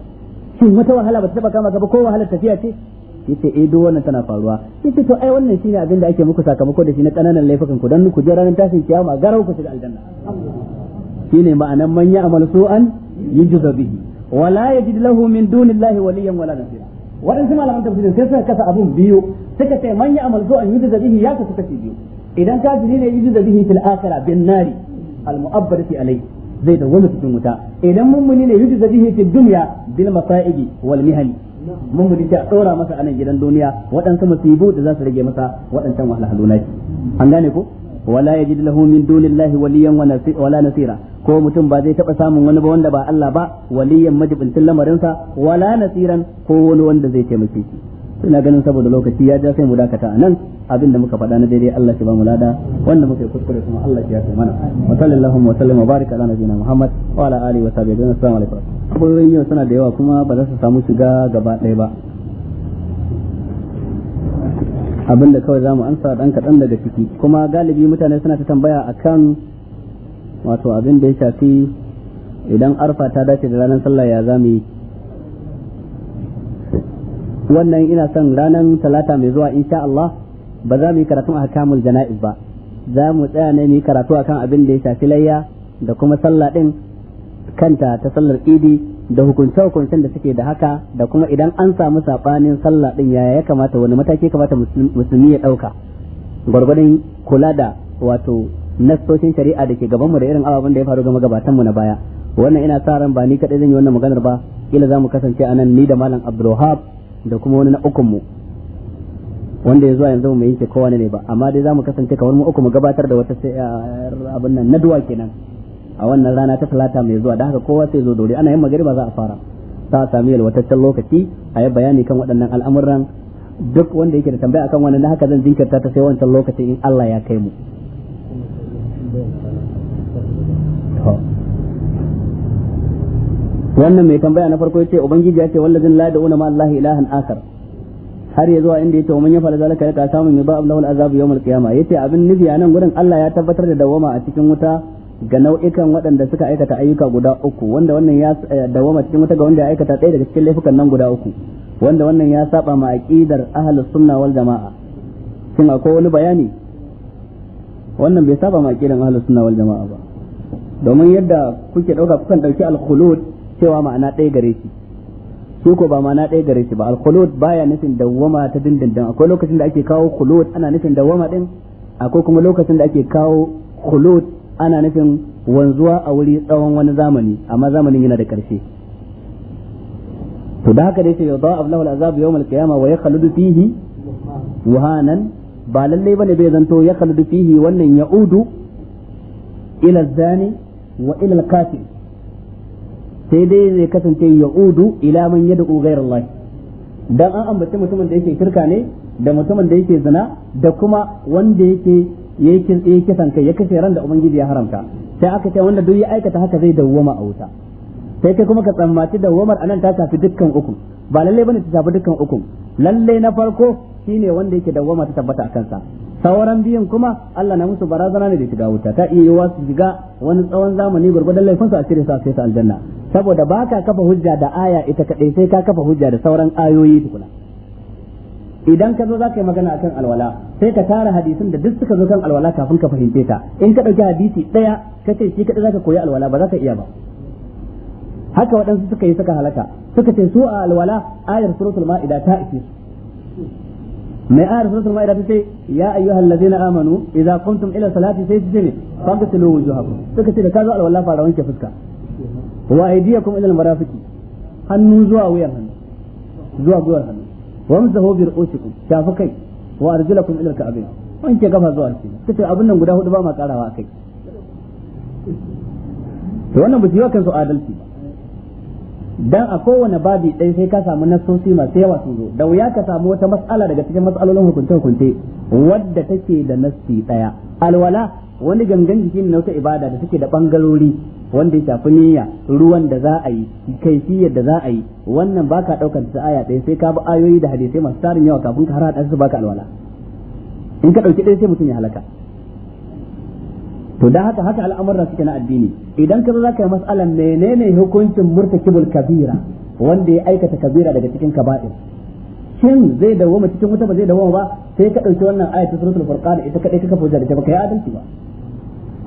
Speaker 1: shin wata wahala ba ta taba kama ka ba ko wahalar tafiya ce yace eh duk wannan tana faruwa yace to ai wannan shine abin da ake muku sakamako da shi na kananan laifukan ku dan ku je ranar tashin kiyama garau ku shiga aljanna shine ma'anan man ya'mal su'an yujza bihi wala yajid lahu min dunillahi waliyyan wala nasira waɗansu malaman tafsirin sai suka kasa abun biyu suka ce man ya'mal su'an yujza bihi ya kasu kashi biyu idan kafiri ne yujza bihi fil akhirah bin nari al mu'abbadati alayhi zai dawwama cikin wuta idan mummuni ne yujza bihi fid dunya bil masa'ibi wal mihani mun sai a ɗora masa a nan gidan duniya waɗansu masibu da za su rage masa waɗancan wahalhalu na shi an gane ko wala yajid lahu min dunillahi waliyan wala nasira ko mutum ba zai taɓa samun wani ba wanda ba Allah ba waliyan majibintin lamarinsa wala nasiran ko wani wanda zai taimake shi ina ganin saboda lokaci ya ja sai mu dakata anan abin da muka faɗa na daidai Allah shi ba mu lada wanda muka yi kuskure kuma Allah shi ya kai mana wa sallallahu wa sallam baraka ala nabiyina Muhammad wa ala alihi wa sahbihi assalamu alaikum abun yau suna da yawa kuma ba za su samu shiga gaba ɗaya ba abin da kawai zamu amsa ansa ɗan kaɗan daga ciki kuma galibi mutane suna ta tambaya akan wato abin da ya shafi idan arfa ta dace da ranar sallah ya za yi wannan ina son ranar talata mai zuwa insha Allah ba za mu yi karatun a kamul jana'iz ba za mu tsaya ne mu yi karatu akan abin da ya shafi layya da kuma sallah din kanta ta sallar idi da hukunce hukuncen da suke da haka da kuma idan an samu sabanin sallah din yaya ya kamata wani mataki kamata musulmi ya ɗauka. gwargwadon kula da wato nassoshin shari'a da ke gaban mu da irin ababen da ya faru ga magabatan mu na baya wannan ina sa ran ba ni kadai zan yi wannan maganar ba kila zamu mu kasance anan ni da malam Abdulwahab da kuma wani na ukun mu wanda ya zuwa yanzu mu yanke kowa ne ba amma dai za mu kasance kamar mu uku mu gabatar da wata ah, abin nan na duwa kenan a wannan rana ta talata mai zuwa da haka kowa sai zo dore ana yin magariba za a fara ta a sami yalwataccen lokaci a yi bayani kan waɗannan al'amuran duk wanda yake da tambaya akan wannan da haka zan jinkirta ta sai wancan lokacin in Allah ya kai mu wannan mai tambaya na farko yace ubangiji yace wallazin la da'una ma allahi ilahan akar har ya zuwa inda yace wa man yafal zalika yaka samun yuba Allahu al'azab yawm al-qiyamah yace abin nufi a nan gurin Allah ya tabbatar da dawama a cikin wuta ga nau'ikan waɗanda suka aikata ayyuka guda uku wanda wannan ya eh, dawama cikin wuta ga wanda ya aikata ɗaya daga cikin laifukan nan guda uku wanda wannan ya saba ma aqidar ahlus sunna wal jamaa shin akwai wani bayani wannan bai saba ma aqidar ahlus sunna wal jamaa ba domin yadda kuke dauka kukan dauki al-khulud cewa ma'ana ɗaya gare shi su ko ba ma'ana ɗaya gare shi ba alkhulud baya nufin dawwama ta dindindin akwai lokacin da ake kawo khulud ana nufin dawwama din akwai kuma lokacin da ake kawo khulud ana nufin wanzuwa a wuri tsawon wani zamani amma zamanin yana da ƙarshe to da haka dai sai yadda Allahu al-azab yawm al-qiyama wa yakhludu fihi wahanan ba lalle bane bai zanto yakhludu fihi wannan ya'udu ila zani wa ila al-kafir sai dai zai kasance ya udu ila man yadda ghayra Allah dan an ambaci mutumin da yake shirka ne da mutumin da yake zina da kuma wanda yake yake tsaye kai ya kashe ran da ubangiji ya haramta sai aka ce wanda duk ya aikata haka zai dawwama a wuta sai kai kuma ka tsammaci dawwamar anan ta shafi dukkan uku ba lalle bane ta shafi dukkan uku lalle na farko shi ne wanda yake dawwama ta tabbata a kansa sauran biyun kuma Allah na musu barazana ne da shiga wuta ta iya wa su shiga wani tsawon zamani gurgudan laifinsu a cire su a aljanna saboda baka kafa hujja da aya ita kadai sai ka kafa hujja da sauran ayoyi tukuna idan ka zo za ka yi magana akan alwala sai ka tara hadisin da duk suka zo kan alwala kafin ka fahimce ta in ka ɗauki hadisi ɗaya ka ce shi kaɗai za ka koyi alwala ba za ka iya ba haka waɗansu suka yi suka halaka suka ce su a alwala ayar suratul ma'ida ta ishe su mai ayar suratul maida tace ya ayyuhal na amanu idza qumtum ila salati sai su ne fagsilu wujuhakum suka ce da ka zo alwala fara wanke fuska wa kuma ila almarafiqi hannu zuwa wuyan hannu zuwa gwiwar hannu zaho bi ru'usikum shafi kai wa arjulakum ila alka'bayn wanke kafa zuwa ciki kace abin nan guda hudu ba ma karawa kai to wannan ba su yi wa kansu adalci ba dan a kowane babi ɗaya sai ka samu nasosi masu yawa sun zo da wuya ka samu wata mas'ala daga cikin mas'alolin hukunce hukunce wadda take da nasi ɗaya alwala wani gangan jiki ne na wata ibada da take da bangarori wanda ya shafi niyya ruwan da za a yi kaifiyar da za a yi wannan baka daukar ta aya ɗaya sai ka bi ayoyi da hadisai masu tarin yawa kafin ka harhaɗa su baka alwala in ka ɗauki ɗaya sai mutum ya halaka to da haka haka al'amuran suke na addini idan ka zo ka yi mas'ala menene hukuncin murtakibul kabira wanda ya aikata kabira daga cikin kaba'ir shin zai dawoma cikin wuta ba zai dawoma ba sai ka dauki wannan ayatu suratul furqan ita kadai kaka fuja da ta baka yi adalci ba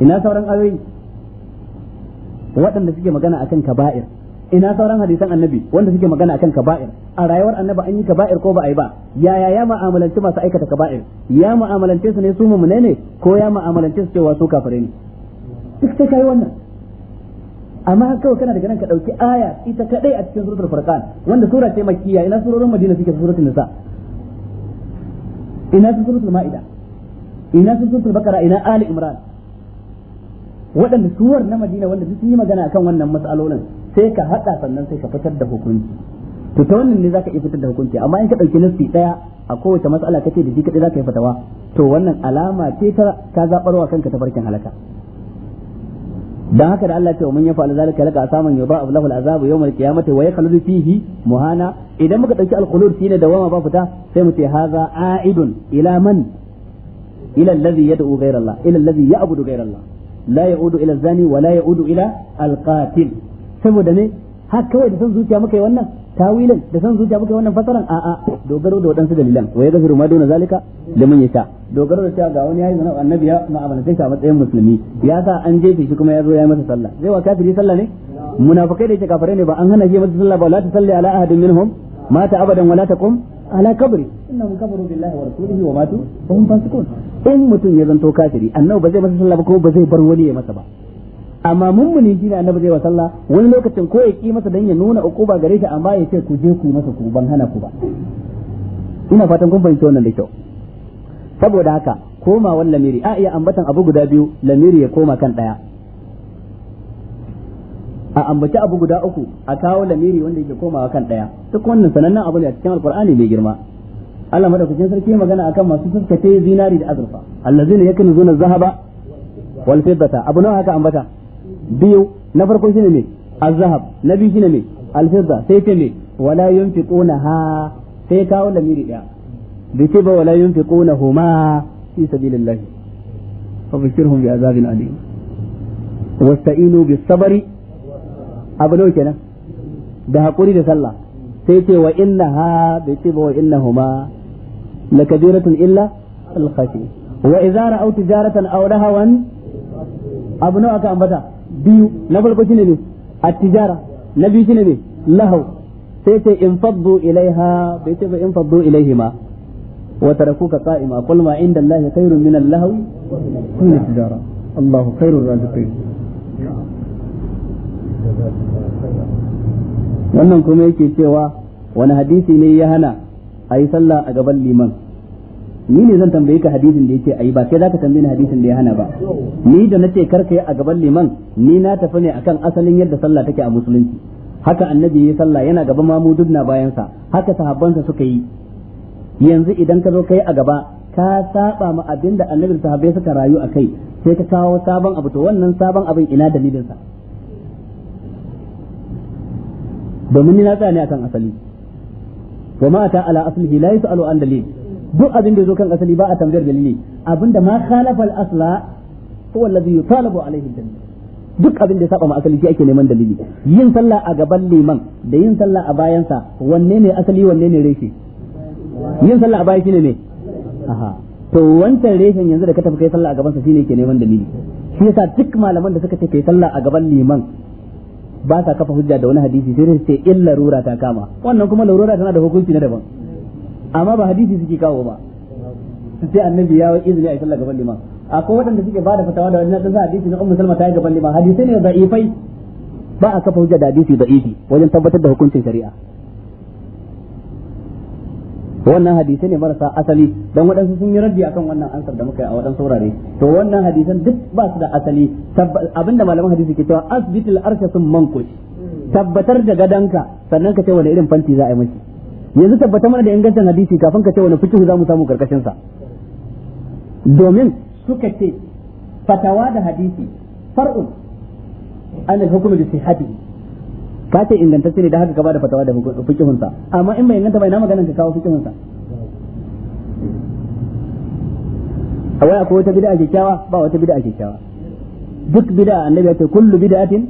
Speaker 1: ina sauran ayoyi waɗanda suke magana akan kaba'ir ina sauran hadisan annabi wanda suke magana akan kaba'ir a rayuwar annabi an yi kaba'ir ko ba a yi ba yaya ya mu'amalanci masu aikata kaba'ir ya mu'amalanci su ne su mu ne ko ya mu'amalanci su cewa su kafare ne duk sai kai wannan amma haka kawai kana daga nan ka dauki aya ita kadai a cikin suratul furqan wanda sura ce makkiya ina surorin madina suke suratul nisa ina suratul ma'ida ina suratul bakara ina ali imran waɗanda suwar na madina wanda sun yi magana akan wannan matsalolin sai ka hada sannan sai ka fitar da hukunci to ta wannan ne zaka iya fitar da hukunci amma in ka dauki nasti daya a kowace mas'ala kace da shi kadai zaka yi fatawa to wannan alama ce ta ka zabarwa kanka ta barkin halaka dan haka da Allah ya ce mun ya fa'ala zalika laka asaman yudha'u lahu azabu yawm al-qiyamati wa yakhludu fihi muhana idan muka dauki al da shine dawama ba fita sai mu ce haza a'idun ila man ila alladhi yad'u ghayra Allah ila alladhi ya'budu ghayra Allah la ya'udu ila zani wa la ya'udu ila al-qatil saboda ne har kawai da san zuciya muka yi wannan tawilin da san zuciya muka yi wannan fasaran a'a dogaro da wadansu dalilan wa ya gafiru ma dona zalika mun yasha dogaro da cewa ga wani yayi zanen annabi ya ma'amalance shi ka matsayin musulmi ya sa an jefe shi kuma ya zo ya yi masa sallah zai wa kafiri sallah ne munafikai da yake kafirai ne ba an hana shi masa sallah ba la ta salli ala ahadin minhum mata abadan wala taqum ala kabri innahum kafaru billahi wa rasulihi wa matu fa hum fasiqun in mutum ya zanto kafiri annabi ba zai masa sallah ba ko ba zai bar wani ya masa ba amma mummuni shine annabi zai wa sallah wani lokacin ko ya ki masa dan ya nuna ukuba gare shi amma ya ce ku je ku masa ku ban hana ku ba ina fatan kun fahimci wannan da kyau saboda haka komawan lamiri a iya ambatan abu guda biyu lamiri ya koma kan daya a ambaci abu guda uku a kawo lamiri wanda yake komawa kan daya duk wannan sanannen abu ne a cikin alqur'ani mai girma Allah madaukakin sarki magana akan masu fuskace zinari da azurfa allazina zuna zahaba wal fiddata abu nawa haka ambata biyu na farko shine me azhab na biyu shine me alfidda sai ce me wala ha sai kawo lamiri daya bai ce ba wala yunfiquna huma fi sabilillah fa bashirhum bi azabin alim wasta'inu bis sabri abu nawa kenan da hakuri da sallah sai ce wa innaha bai ce ba wa huma lakabiratun illa al wa idza ra'aw tijaratan aw lahawan abu nawa ka ambata biyu na farko shine ne at-tijara na biyu shine ne lahau sai ce in faddu ilaiha bai ce ba in faddu ilaihima wa tarakuka qa'ima qul ma inda allahi khairun min al-lahwi wa
Speaker 2: tijara allahu khairur raziqin
Speaker 1: wannan kuma yake cewa wani hadisi ne ya hana a yi sallah a gaban liman ni ne zan tambaye ka hadisin da yake ayi ba za zaka tambaye ni hadisin da ya hana ba ni da na ce kar kai a gaban liman ni na tafi ne akan asalin yadda sallah take a musulunci haka annabi ya sallah yana gaban mamu dubna bayan sa haka sahabbansa suka yi yanzu idan ka zo kai a gaba ka saba ma abinda annabi da sahabbai suka rayu a kai sai ka kawo sabon abu to wannan sabon abin ina dalilin sa domin ni na tsaya ne akan asali wa ma ta ala aslihi la yasalu an dalil duk abin da zo kan asali ba a tambayar dalili abinda ma khalafa al-asla huwa alladhi yutalabu alayhi dalil duk abin da ya saba ma asali shi ake neman dalili yin sallah a gaban liman da yin sallah a bayansa wanne ne asali wanne ne reshe yin sallah a bayan shine ne aha to wancan reshen yanzu da ka tafi kai sallah a gaban sa shine ke neman dalili shi yasa duk malaman da suka ce kai sallah a gaban liman ba sa kafa hujja da wani hadisi sai sai illa rura ta kama wannan kuma larura tana da hukunci na daban amma ba hadisi suke kawo ba sai annabi ya yi izini a sallah gaban liman akwai waɗanda suke da fatawa da wani dan hadisi na ummu salma ta yi gaban liman hadisi ne da'ifai ba a kafa hujja da hadisi da'ifi wajen tabbatar da hukuncin shari'a wannan hadisi ne marasa asali don waɗansu sun yi raddi akan wannan ansar da muka yi a waɗansu saurare to wannan hadisan duk ba su da asali abinda malaman hadisi ke cewa asbitul arsha sun mankush tabbatar da gadanka sannan ka ce wani irin fanti za a yi miki yanzu tabbata mana da ingancin hadisi kafin ka ce wani fikihu za mu samu karkashin sa domin suka ce fatawa da hadisi far'un an hukumu da bi ka ce ingantacce ne da haka ka bada fatawa da fikihun sa amma in bai inganta bai na maganar ka kawo fikihun sa a waya ko wata bid'a kyakkyawa ba wata bid'a kyakkyawa duk bid'a annabi ya ce kullu bid'atin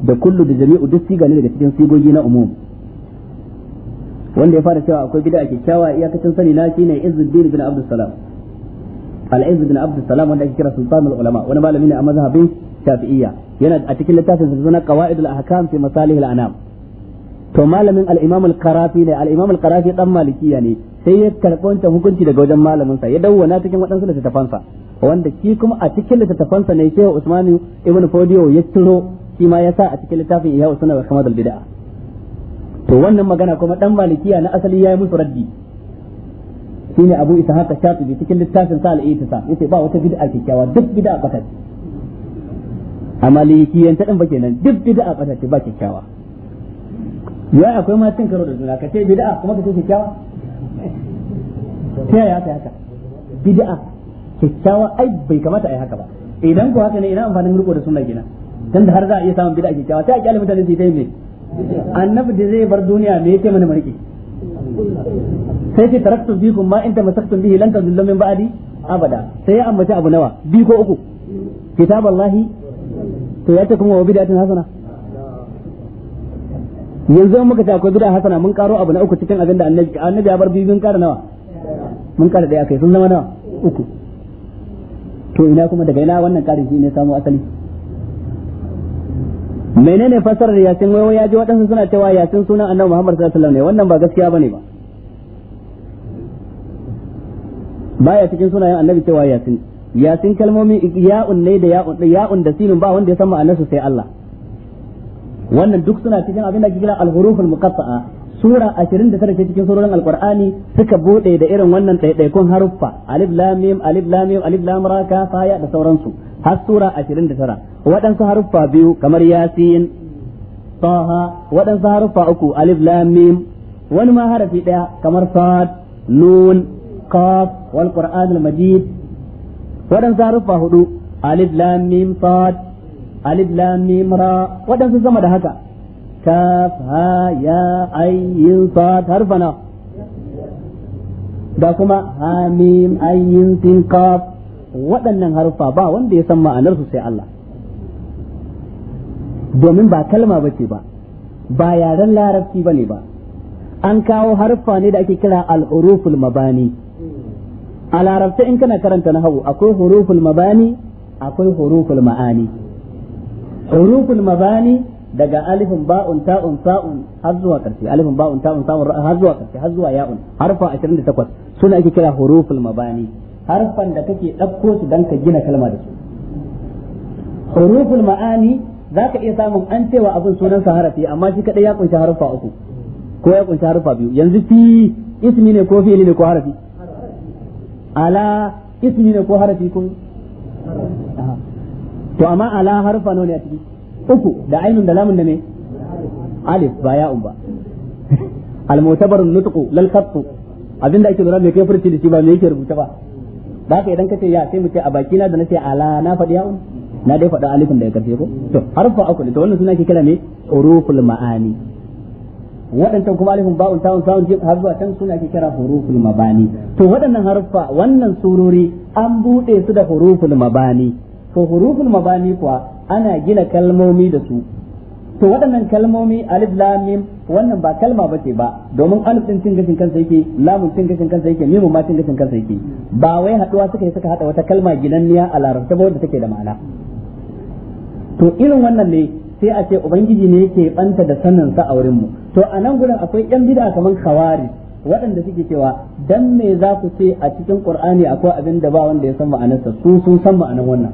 Speaker 1: da kullu da jami'u duk siga ne daga cikin sigogi na umum wanda ya fara cewa akwai bid'a kyakkyawa iyakacin sani na shine Izzuddin bin Abdul Salam al-Izz bin Abdul Salam wanda ake kira sultanul ulama wani malami ne a mazhabin Shafi'iyya yana a cikin littafin sa na qawaidul ahkam fi masalihil anam to malamin al-Imam al-Qarafi ne al-Imam al-Qarafi dan malikiya ne sai ya karɓi wancan hukunci daga wajen malamin sa ya na cikin waɗansu littattafan sa wanda shi kuma a cikin littattafan sa ne Shehu Usman ibn Fodiyo ya turo shi ma ya a cikin littafin Ihya Usunna wa Kamadul Bid'ah to wannan magana kuma dan malikiya na asali yayi musu raddi shine Abu Ishaq Shatibi cikin littafin sa al-Itisa yace ba wata bid'a kikkiawa duk bid'a bakat amma likiyan ta din ba kenan duk bid'a bakat ba kikkiawa ya akwai ma cin karo da juna ka ce bid'a kuma ka ce kikkiawa ta yaya haka haka bid'a kikkiawa ai bai kamata a yi haka ba idan ko haka ne ina amfanin riko da sunna gina? dan da har za a iya samun bid'a kikkiawa sai a kyale mutane su yi ta yi annabi da zai bar duniya me yake mana marke sai ce taraktu bikum ma in tamassaktum bihi lan tadullu min ba'di abada sai ya ambaci abu nawa bi ko uku kitaballahi to ya ce kuma wa bid'atin hasana yanzu muka ce akwai bid'a hasana mun karo abu na uku cikin abin da annabi annabi ya bar bi mun kara nawa mun kara daya kai sun zama nawa uku to ina kuma daga ina wannan karin shi ne samu asali menene fasarar yasin wai ya ji waɗansu suna cewa yasin sunan annabi Muhammad sallallahu alaihi wasallam ne wannan ba gaskiya bane ba baya cikin sunayen annabi cewa yasin yasin kalmomi ya'un ne da ya'un ya'un da sinin ba wanda ya san ma'anarsa sai Allah wannan duk suna cikin abin da ake kira al-huruful muqatta'a sura 29 ce cikin surorin alqur'ani suka bude da irin wannan ɗaiɗaikun haruffa alif lam mim alif lam mim alif lam ra ka fa ya da sauransu har sura 29 waɗansu haruffa biyu kamar yasin taha waɗansu haruffa uku alif lam mim wani ma harafi ɗaya kamar sad nun kaf wal qur'an al majid waɗansu haruffa hudu alif lam mim sad alif lam mim ra waɗansu sama da haka kaf ha ya ayyin sad harfana da kuma hamim ayyin sin kaf. waɗannan harfa ba wanda ya san ma'anarsu sai Allah domin ba kalma ba bace ba ba yaren larabci ba ne ba an kawo harfa ne da ake kira al-huruful mabani a larabci in kana karanta na hau akwai huruful mabani akwai huruful ma'ani huruful mabani daga alifin ba'un ta'un sa'un har zuwa karshe alifin ba'un ta'un sa'un har zuwa karshe har zuwa ya'un harfa 28 suna ake kira huruful mabani harfan da kake ɗauko su dan ka gina kalma da su huruful ma'ani zaka iya samun an cewa abin sunan sa harafi amma shi kadai ya kunshi harfa uku ko ya kunshi harfa biyu yanzu fi ismi ne ko fi'li ne ko harafi ala ismi ne ko harafi ko to amma ala harfa nawa ne a ciki uku da ainun da lamun da ne alif ba ya ba [laughs] al-mu'tabar nutqu lal khatt abinda ake lura mai kai furci da shi ba me yake rubuta ba ba ka idan ce ya sai mu ce a baki na da ce ala na faɗi yawon na dai faɗa alifin ya karfe ko to harfa aku ne to wannan suna ke kira ne huruful ma'ani waɗannan kuma alifin ba'un ta'un ta'un jin har zuwa can suna ke kira huruful mabani to waɗannan harfa wannan surori an buɗe su da huruful mabani to huruful mabani kuwa ana gina kalmomi da su to waɗannan kalmomi alif lam mim wannan ba kalma ba ce ba domin alif din cin gashin kansa yake lamun cin gashin kansa yake mimun ma cin gashin kansa yake ba wai haduwa suka yi suka hada wata kalma ginanniya a larabta ba wanda take da ma'ana to irin wannan ne sai a ce ubangiji ne yake banta da sanin sa a wurin mu to a nan gurin akwai yan bid'a kaman khawari waɗanda suke cewa dan me za ku ce a cikin qur'ani akwai abin da ba wanda ya san ma'anarsa su sun san ma'anar wannan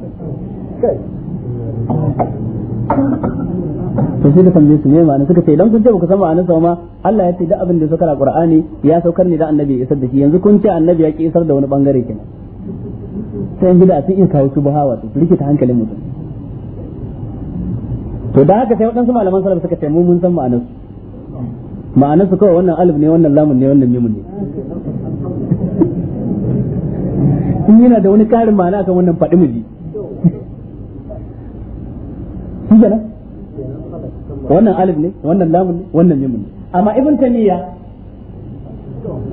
Speaker 1: to sai da tambaye su me ma'ana suka ce dan kun ce ku san ma'anar sa ma Allah ya ce duk abin da ya saukar Qur'ani ya saukar ne da annabi ya isar da shi yanzu kun ce annabi ya ki isar da wani bangare kenan sai an bid'a sun iya kawo shubha to rike ta hankalin mutum to da haka sai waɗansu malaman salaf suka ce mu mun san ma'anar
Speaker 2: su
Speaker 1: ma'anar su kawai wannan alif ne wannan lamun ne wannan mimun ne in yana da wani karin ma'ana akan wannan faɗi mu ji
Speaker 2: shi kenan wannan alif
Speaker 1: ne wannan lamun ne wannan mimun ne amma ibn tamiya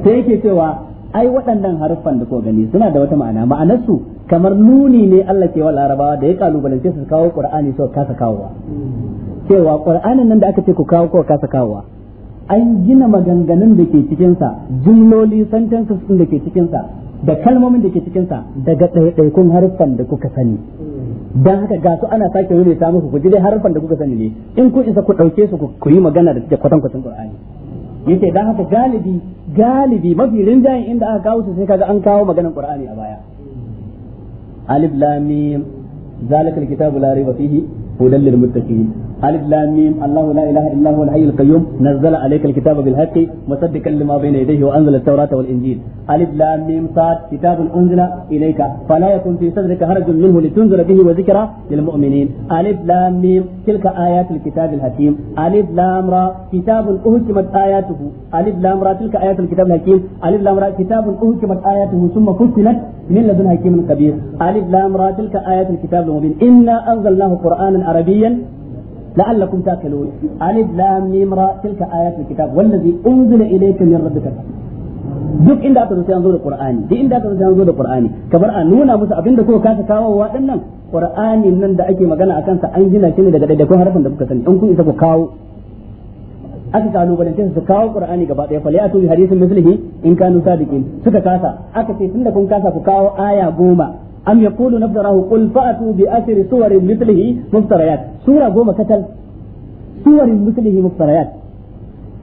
Speaker 1: sai yake cewa ai waɗannan haruffan da ko gani suna da wata ma'ana ma'anarsu kamar nuni ne Allah ke wa larabawa da ya kalubalance su kawo qur'ani so kasa kawowa cewa qur'anin nan da aka ce ku kawo ko kasa kawowa an gina maganganun da ke cikinsa jumloli sentences din da ke cikinsa da kalmomin da ke cikinsa daga ɗaiɗaikun haruffan da kuka sani dan haka ga su ana sake wuri ta muku ku ji dai harfan da kuka sani ne in ku isa ku dauke su ku yi magana da kwatan kwatan Qur'ani yace dan haka galibi galibi mafi rinjayen inda aka kawo su sai kaga an kawo maganar Qur'ani a baya alif lam mim zalikal kitabu la rayba fihi hudan lil muttaqin ألف لام ميم الله لا إله إلا هو الحي القيوم نزل عليك الكتاب بالحق مصدقا لما بين يديه وأنزل التوراة والإنجيل ألف لام ميم صاد كتاب أنزل إليك فلا يكن في صدرك هرج منه لتنذر به وذكرى للمؤمنين ألف لام ميم تلك آيات الكتاب الحكيم ألف لام را كتاب أهكمت آياته ألف لام را تلك آيات الكتاب الحكيم ألف لام را كتاب أهكمت آياته ثم فصلت من لدن حكيم كبير ألف لام را تلك آيات الكتاب المبين إنا أنزلناه قرآنا عربيا لعلكم تاكلون ألف لام ميم را تلك آيات الكتاب والذي من ربك duk inda aka zo da Qur'ani duk inda aka zo da Qur'ani kamar a nuna musu abin da kuka kasa kawo waɗannan Qur'ani nan da ake magana akan sa an gina shi ne daga harafin da kuka sani in kun isa ku kawo aka kalu balance su kawo Qur'ani gaba fali atu hadisin mislihi in kanu sadiqin suka kasa aka ce tunda kun kasa ku kawo aya goma am yaqulu nabdarahu qul fa'atu bi asri suwarin mithlihi muftariyat sura goma katal suwarin mithlihi muftariyat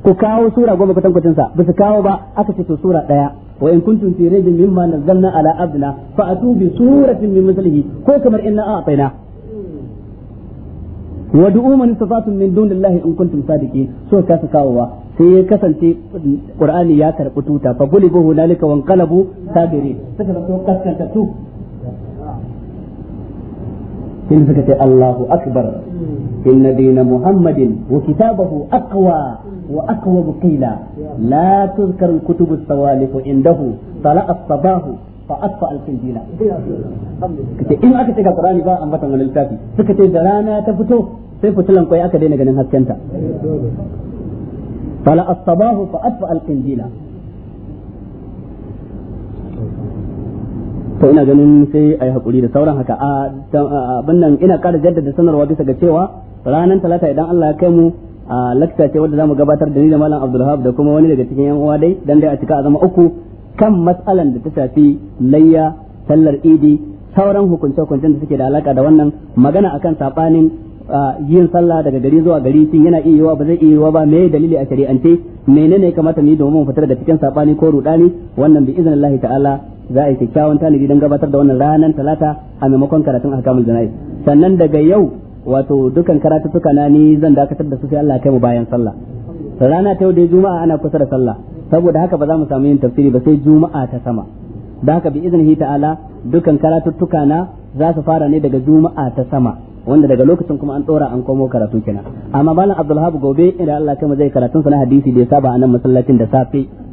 Speaker 1: ku kawo sura goma kwatan kwatan ba su kawo ba aka ce sura daya wa in kuntum fi raybin mimma nazzalna ala abdina fa atu bi suratin min mithlihi ko kamar inna a'tayna wa du'u in kuntum sadiqin so ka sai ya kasance qur'ani ya karbi tuta fa gulibu hunalika wa qalabu sabirin suka zanto
Speaker 2: kaskanta tu
Speaker 1: sai suka ce Allahu akbar hmm. inna dina muhammadin wa kitabahu aqwa wa aqwa qila la tuzkar kutubu sawalif indahu tala as-sabahu fa asfa al-qindila kace in aka ce ga qur'ani ba an batan wannan tafi suka ce da rana ta fito sai fitilan kwai aka daina ganin haskenta tala as-sabahu fa asfa al-qindila to ina ganin sai a yi haƙuri da sauran haka a bannan ina ƙara jaddada sanarwa bisa ga cewa ranar talata idan Allah ya kai mu a lakta ce wadda mu gabatar da ni da malam Abdulhab da kuma wani daga cikin yan uwa dai dan dai a cika a zama uku kan matsalan da ta shafi layya sallar idi sauran hukunce hukuncen da suke da alaka da wannan magana akan sabanin yin sallah daga gari zuwa gari shin yana iya yiwa ba zai iya yiwa ba me dalili a shari'ance menene ya kamata mu yi domin fitar da cikin sabani ko rudani wannan bi iznillahi ta'ala za a yi kyakkyawan tanadi don gabatar da wannan ranar talata a maimakon karatun ahkamul jana'iz sannan daga yau wato dukan suka na ni zan dakatar da su sai Allah kai mu bayan sallah rana ta yau da juma'a ana kusa da sallah saboda haka ba za mu samu yin tafsiri ba sai juma'a ta sama da haka bi iznihi ta'ala dukan karatuttuka na za su fara ne daga juma'a ta sama wanda daga lokacin kuma an dora an komo karatu kenan amma malam Abdulhabu gobe idan Allah kai mu zai karatun sa na hadisi da ya saba a masallacin da safe